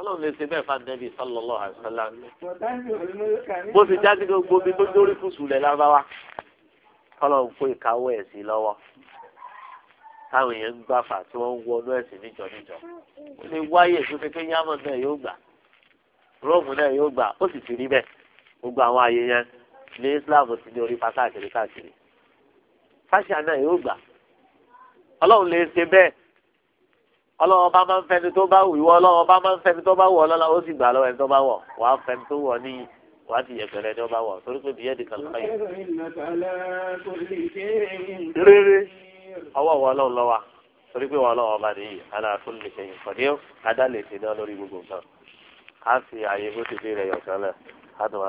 ọlọ́run lè ṣe bẹ́ẹ̀ fún adébí sallallahu alaihi bó ti jáde gbogbo omi tó dórí fùsù lẹ̀ lábáwá kọ́lọ́run kó ìkáwọ́ ẹ̀ sí lọ́wọ́ táwọn èèyàn ń gbàfà tí wọ́n ń wọnú ẹ̀sìn níjọ níjọ. ó lè wáyé tó fi kéyìn náà yóò gbà róòmù náà yóò gbà ó sì ti rí bẹ́ẹ̀ gbogbo àwọn ààyè yẹn ní Islam ti ní orí káàkiri káàkiri. fáṣíà náà yóò gbà ọlọ́run lè ṣe bẹ́ẹ̀ ọlọ́wọ́ bá máa ń fẹ́ni tó bá wù ìwọ ọlọ́wọ́ bá máa ń fẹ́ni tó bá wù ọlọ́la ó sì gbà lọ́wọ́ ẹni tó bá wọ̀ wàá fẹ́ni tó wọ̀ ní wàá ti yẹpẹrẹ ni. tó bá wọ̀ torí pé bìyẹ́ nìkan lọ́wọ́ yìí. rere ọwọ́ wọ ọlọ́run lọ́wọ́ torí pé wọ́n ọlọ́run ọba nìyí aláàfin lè ṣe ìfọ̀dé adá lè ṣe náà lórí gbogbo nǹkan á fi àyè bó ti dé rẹ̀ yọ̀ọ̀kan lẹ̀ á tún wà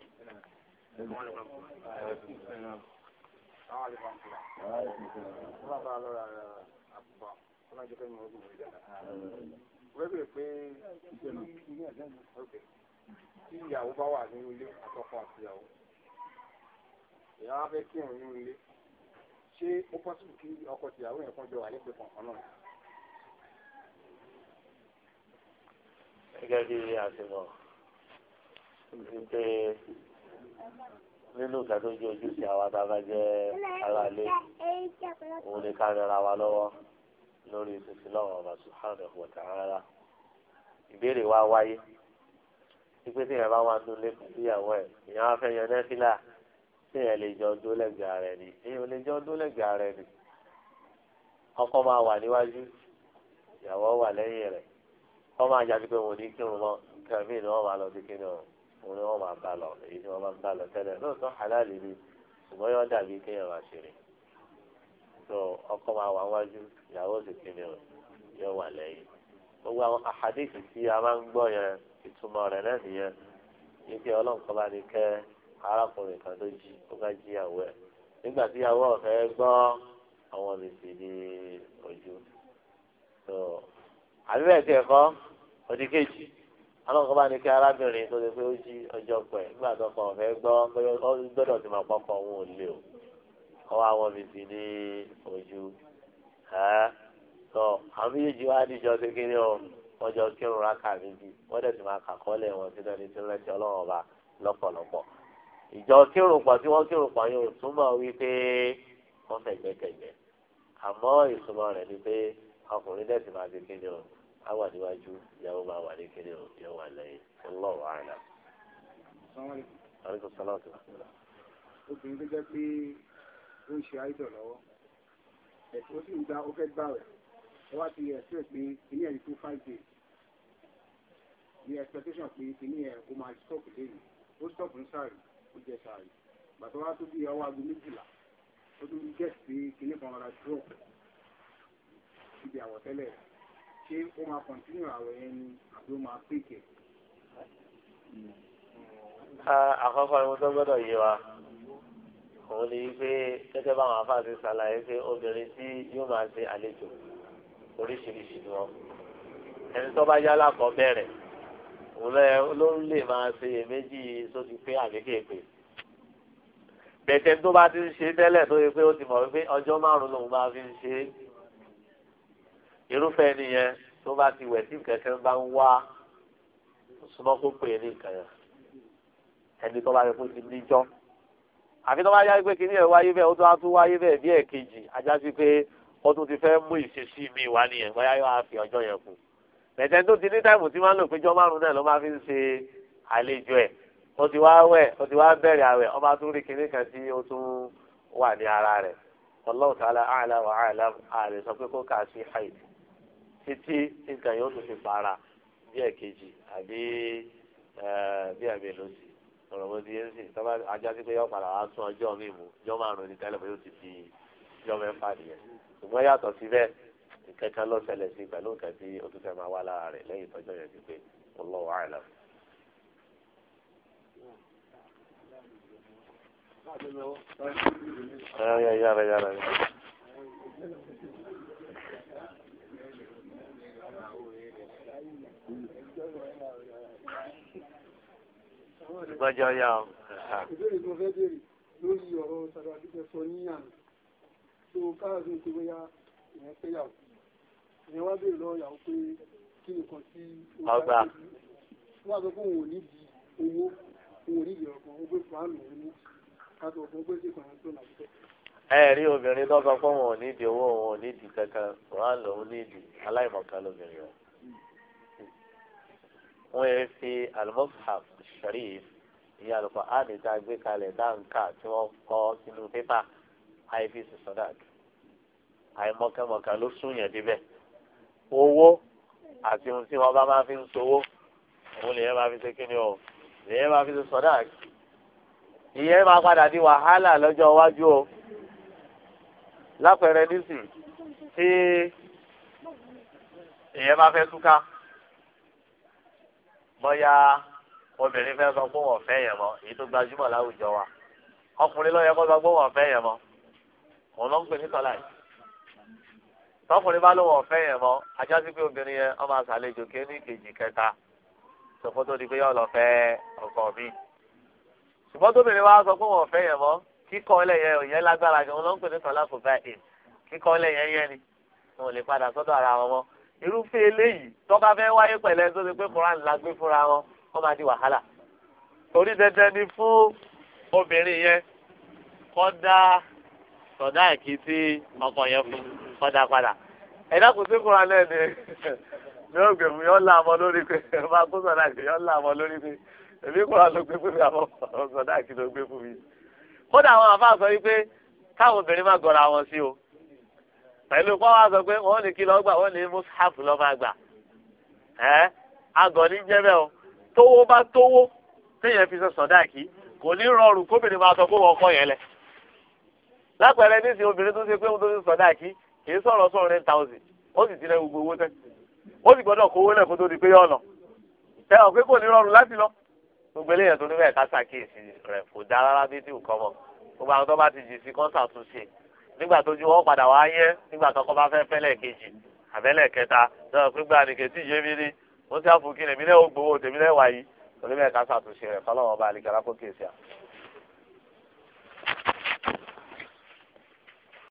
wẹ́bẹ̀ ìyàwó bá wà nínú ilé àtọkọ àti ìyàwó ìyá wa kí òun nínú ilé ṣé ó pọ́sibù kí ọkọ tìyàwó yẹn kan jọ wà nípe kọ̀ọ̀kan náà. gẹ́gẹ́ bí àṣìmọ̀ wípé nínú ìdádójú ojúṣe àwa tá a bá jẹ́ aráalé òun ni ká rẹra wa lọ́wọ́ lórí ìsinsin lọ́wọ́ ọba subhanahu wa ta'ala ìbéèrè wa wáyé wípé tí èèyàn bá wà nínú lẹ́kùn síyàwó ẹ̀ èèyàn á fẹ́ yan nẹ́fílà tí èèyàn lè jọ dó lẹ́gbẹ̀ẹ́ rẹ̀ ni èèyàn lè jọ dó lẹ́gbẹ̀ẹ́ rẹ̀ ni ọkọ máa wà níwájú ìyàwó wà lẹ́yìn rẹ̀ ọmọ àjàdí pé wọn ò ní kírun mọ́ nǹkan ni wọ́n máa lọ sí kí òun ni wọ́n máa bá lọ èyí ni wọ́n máa ń bá lọ tẹ́lẹ̀ lóòótọ́ halali ni ṣùgbọ́n yóò dàbí kéèyàn máa ṣeré tó ọkọ máa wà wájú ìyàwó sì kíni o yóò wà lẹ́yìn gbogbo àwọn àhàdìsì tí a máa ń gbọ́ yẹn ìtumọ̀ rẹ̀ náà nìyẹn yìí pé ọlọ́nkọ́ bá ní kẹ́ arákùnrin kan tó jí ó bá jí ìyàwó ẹ̀ nígbà tí ìyàwó ọ̀fẹ́ gbọ́ àwọn mi ní ojú tó àbí bẹ́ẹ̀ tiẹ̀ kọ́ ọdí kejì àwọn kan bá ní kí arábìnrin tó ṣe pé ó jí ọjọ́ pẹ̀ nígbà tó kọ̀ fẹ́ gbọ́ gbọ́dọ̀ ti máa pọ́pọ́ òun ò lè o ọwọ́ àwọn mi sì ní ojú tó àwọn méjèèjì wá níjọ ṣe kéré o wọ́n jọ kírun rákà méjì wọ́n dẹ̀ ti máa kàkọ́lẹ̀ wọn sí lẹ́ni tí ń rántí ọlọ́run ọba lọ́pọ̀lọpọ̀ ìjọ kírun pọ̀ tí wọ́n kírun pọ̀ yóò túmọ̀ wípé wọ́n fẹ̀gbẹ́kẹ̀gbẹ́ àmọ́ ìtumọ̀ rẹ̀ ni pé ọkùnrin dẹ̀ ti máa ṣe kéré o á wà níwájú ìyàwó máa wà ní kéde o yóò wà lẹ́yìn ọlọ́wọ́ àlà. àríkò sálọ́ọ̀tì wa. obìnrin tó jẹ́ pé ó ń ṣe àìsàn lọ́wọ́ ẹ̀sìn ó sì ń gba ó fẹ́ gbà rẹ̀ ẹ wá ti ẹ̀sìn ẹ̀ pé ilé ẹ̀rí fún five days ní expectation pé kíní ẹ̀ ó máa stop lẹ́yìn ó stop ń sáré ó jẹ sáré gbàtọ́ wá tó bí ọwọ́ aago méjìlá ó tún jẹ́ sí kíní kan rárá drop ibi àwọ̀tẹ́lẹ̀ rẹ̀ ṣé ó máa kọ̀ntínú àwẹ̀ yẹn ni àbí ó máa pèkè. àkọ́kọ́ ni mo tó gbọ́dọ̀ yé wa òun ni pé gẹ́gẹ́ báwọn afáàfin ṣàlàyé pé obìnrin tí yóò máa ṣe àlejò oríṣiríṣi ni wọn ẹni tó bá yálà kọ bẹ̀rẹ̀ òun ló ń lè máa ṣe èméjì sóti pé àbíkèpè bẹ̀tẹ̀ tó bá ti ń ṣe tẹ́lẹ̀ tó yẹ pé ó ti mọ̀ wípé ọjọ́ márùn-ún lòun máa fi ń ṣe é irúfẹ́ ẹni yẹn tó bá ti wẹ̀ tí kẹ̀kẹ́ bá ń wá súnmọ́ kó pè é ní nǹkan yẹn ẹni tó bá yẹ kó ti níjọ́ àfi tó bá yá pé kíní ẹ̀ wáyé bẹ́ẹ̀ ó tó á tún wáyé bẹ́ẹ̀ bí ẹ̀kejì ajá sí pé ó tún ti fẹ́ mú ìṣesí mi wá nìyẹn bóyá yóò á fi ọjọ́ yẹn kù bẹ̀tẹ̀ tó ti ní táìmù tí máa lò péjọ márùn náà ló máa fi ń ṣe àlejò ẹ̀ ó ti wá wẹ̀ ó ti wá bẹ̀rẹ̀ àwẹ̀ ó tún rí kíní kan tí ó tún wà ní ara rẹ̀ Allahu ta'ala a'lam wa a'lam àlè sọ pé kó kà á sí haid títí nǹkan yóò tún fi para bí ẹ̀kejì àbí eh, bí àbẹ̀lò sí ọ̀rọ̀ bó ti yé sí tọ́ba ajá sí pé yọ padà wá sún ọjọ́ mi mú jọ́ márùn-ún ní tẹ́lẹ̀ bóyá ó ti di jọ́ mẹ́fà nìyẹn ṣùgbọ́n yàtọ̀ sí bẹ́ẹ̀ nǹkan kan ló ṣẹlẹ̀ sí pẹ̀lú nǹkan tí ó tún fẹ́ máa wá lára rẹ̀ lẹ́yìn ìtọ́jọ́ yẹn ti pé Allahu a'lam. Yára yára yára. ìgbọ́jọ́ yá o. ìbéèrè tí mo fẹ́ béèrè lórí ọ̀rọ̀ sàrọ̀ àdúgbò sọ ní àná tó káàdùn tó bóyá ìyẹn fẹ́ yàwó ìyẹn wá béèrè lọ́wọ́ yàwó pé kí nǹkan tí ó bá dé wọ́n sọ pé òun ò ní di owó òun ò ní di ọ̀gbọ̀n ó gbé fúlàní òun ní kátó ọ̀gbọ̀n ó gbé sí ìkànnì tó nà ẹ rí obìnrin lọ́sọ̀ pé òun ò ní di owó òun ò ní di kankan òun á lòun ní di aláìmọ̀kan lóbìnrin o wọ́n yẹ fi al-mushaf sharif ìyá àlùkò áàdì tá a gbé kalẹ̀ dáǹkà tí wọ́n kọ́ sínú pépà ivc sodak àìmọ̀kẹ́mọ̀kẹ́ ló sún yẹn débẹ̀ owó àti ohun tí wọ́n bá máa fi ń sowó òun lè yẹ máa fi ṣe kíni o lè yẹ máa fi ṣe sodak ìyẹn máa padà di wàhálà lọ́jọ́ iwájú o lápẹẹrẹ nísìn tí ìyẹn máa fẹ́ túká bọ́yá obìnrin fẹ́ sọ pé wọ́n fẹ́ yẹn mọ́ èyí tó gbajúmọ̀ láwùjọ wa ọkùnrin lọ́yẹ kó sọ pé wọ́n fẹ́ yẹn mọ́ òun ló ń pè ní tọ́lá yìí tọkùnrin bá ló wọ́n fẹ́ yẹn mọ́ ajá sí pé obìnrin yẹn ọmọ àṣàlejò kí ní kejì kẹta ṣòfò tó di pé yọ lọ fẹ́ ọkọ mi ṣùgbọ́n tóbìnrin wa sọ pé wọ́n fẹ́ yẹn mọ́ kíkọ́ ilẹ̀ yẹn ò yẹn lágbára gan òun ló ń pè ní tọ́lá kò bá irúfẹ́ eléyìí tọ́ba fẹ́ wáyé pẹ̀lẹ́ tó ṣe pé koran la gbé fúnra wọn kọ́ máa di wàhálà torí dandan ni fún obìnrin yẹn kọ́ dá sọ̀dá ẹ̀kí tí ọkọ yẹn fún kọ́ dá padà ẹ̀dá kò sí koran náà ni yóò gbè mí yóò là mọ́ lórí pé máa kó sọ̀dá ẹ̀kí yóò là mọ́ lórí pé èmi koran ló gbé fún mi àwọn sọ̀dá ẹ̀kí ló gbé fún mi kódà àwọn àfa sọ wípé káwọn obìnrin má gọra wọn sí o pẹ̀lú kọ́ wa sọ pé wọ́n ní kí lọ́ọ́ gbà wọ́n ní mushaf lọ́ọ́ máa gbà ẹ́ agọ̀ ní jẹ́bẹ̀ o tówó bá tówó téèyàn fi sọ sọ̀dáàkì kò ní rọrùn kóbìnrin máa sọ pé wọ́n kọ́ yẹn lẹ̀ lápẹẹrẹ nísìnyí obìnrin tó ṣe pé wọ́n tó ṣe sọ̀dáàkì kì í sọ̀rọ̀ sọ̀rọ̀ ten thousand ó sì ti lẹ gbogbo owó tẹ́ ó sì gbọ́dọ̀ kówó lẹ̀ kó tó di pé yọ̀ lọ ẹ ọ̀ pé kò ní rọrùn láti lọ gbogbo eléyàn tó ní bẹ́ẹ̀ ká ṣàkíyèsí rẹ̀ kò dáa rárá bí tí ò kọ́ mọ́ gbogbo àwọn tó bá ti jì sí kọ́ńtà tún ṣe nígbà tó ju wọn padà wá yẹ nígbà tó kọ́ bá fẹ́ fẹ́lẹ̀ kejì àbẹ́lẹ̀ kẹta lọ́wọ́ pípa nìkẹ́ tí yé mi ní mo ti àfòkì lèmi lẹ́wọ̀ gbowó tèmi lẹ́wà yìí tòlébẹ̀ ká ṣàtúnṣe fọlọ́wọ́ bá àlìkàlà kó kéèsì à.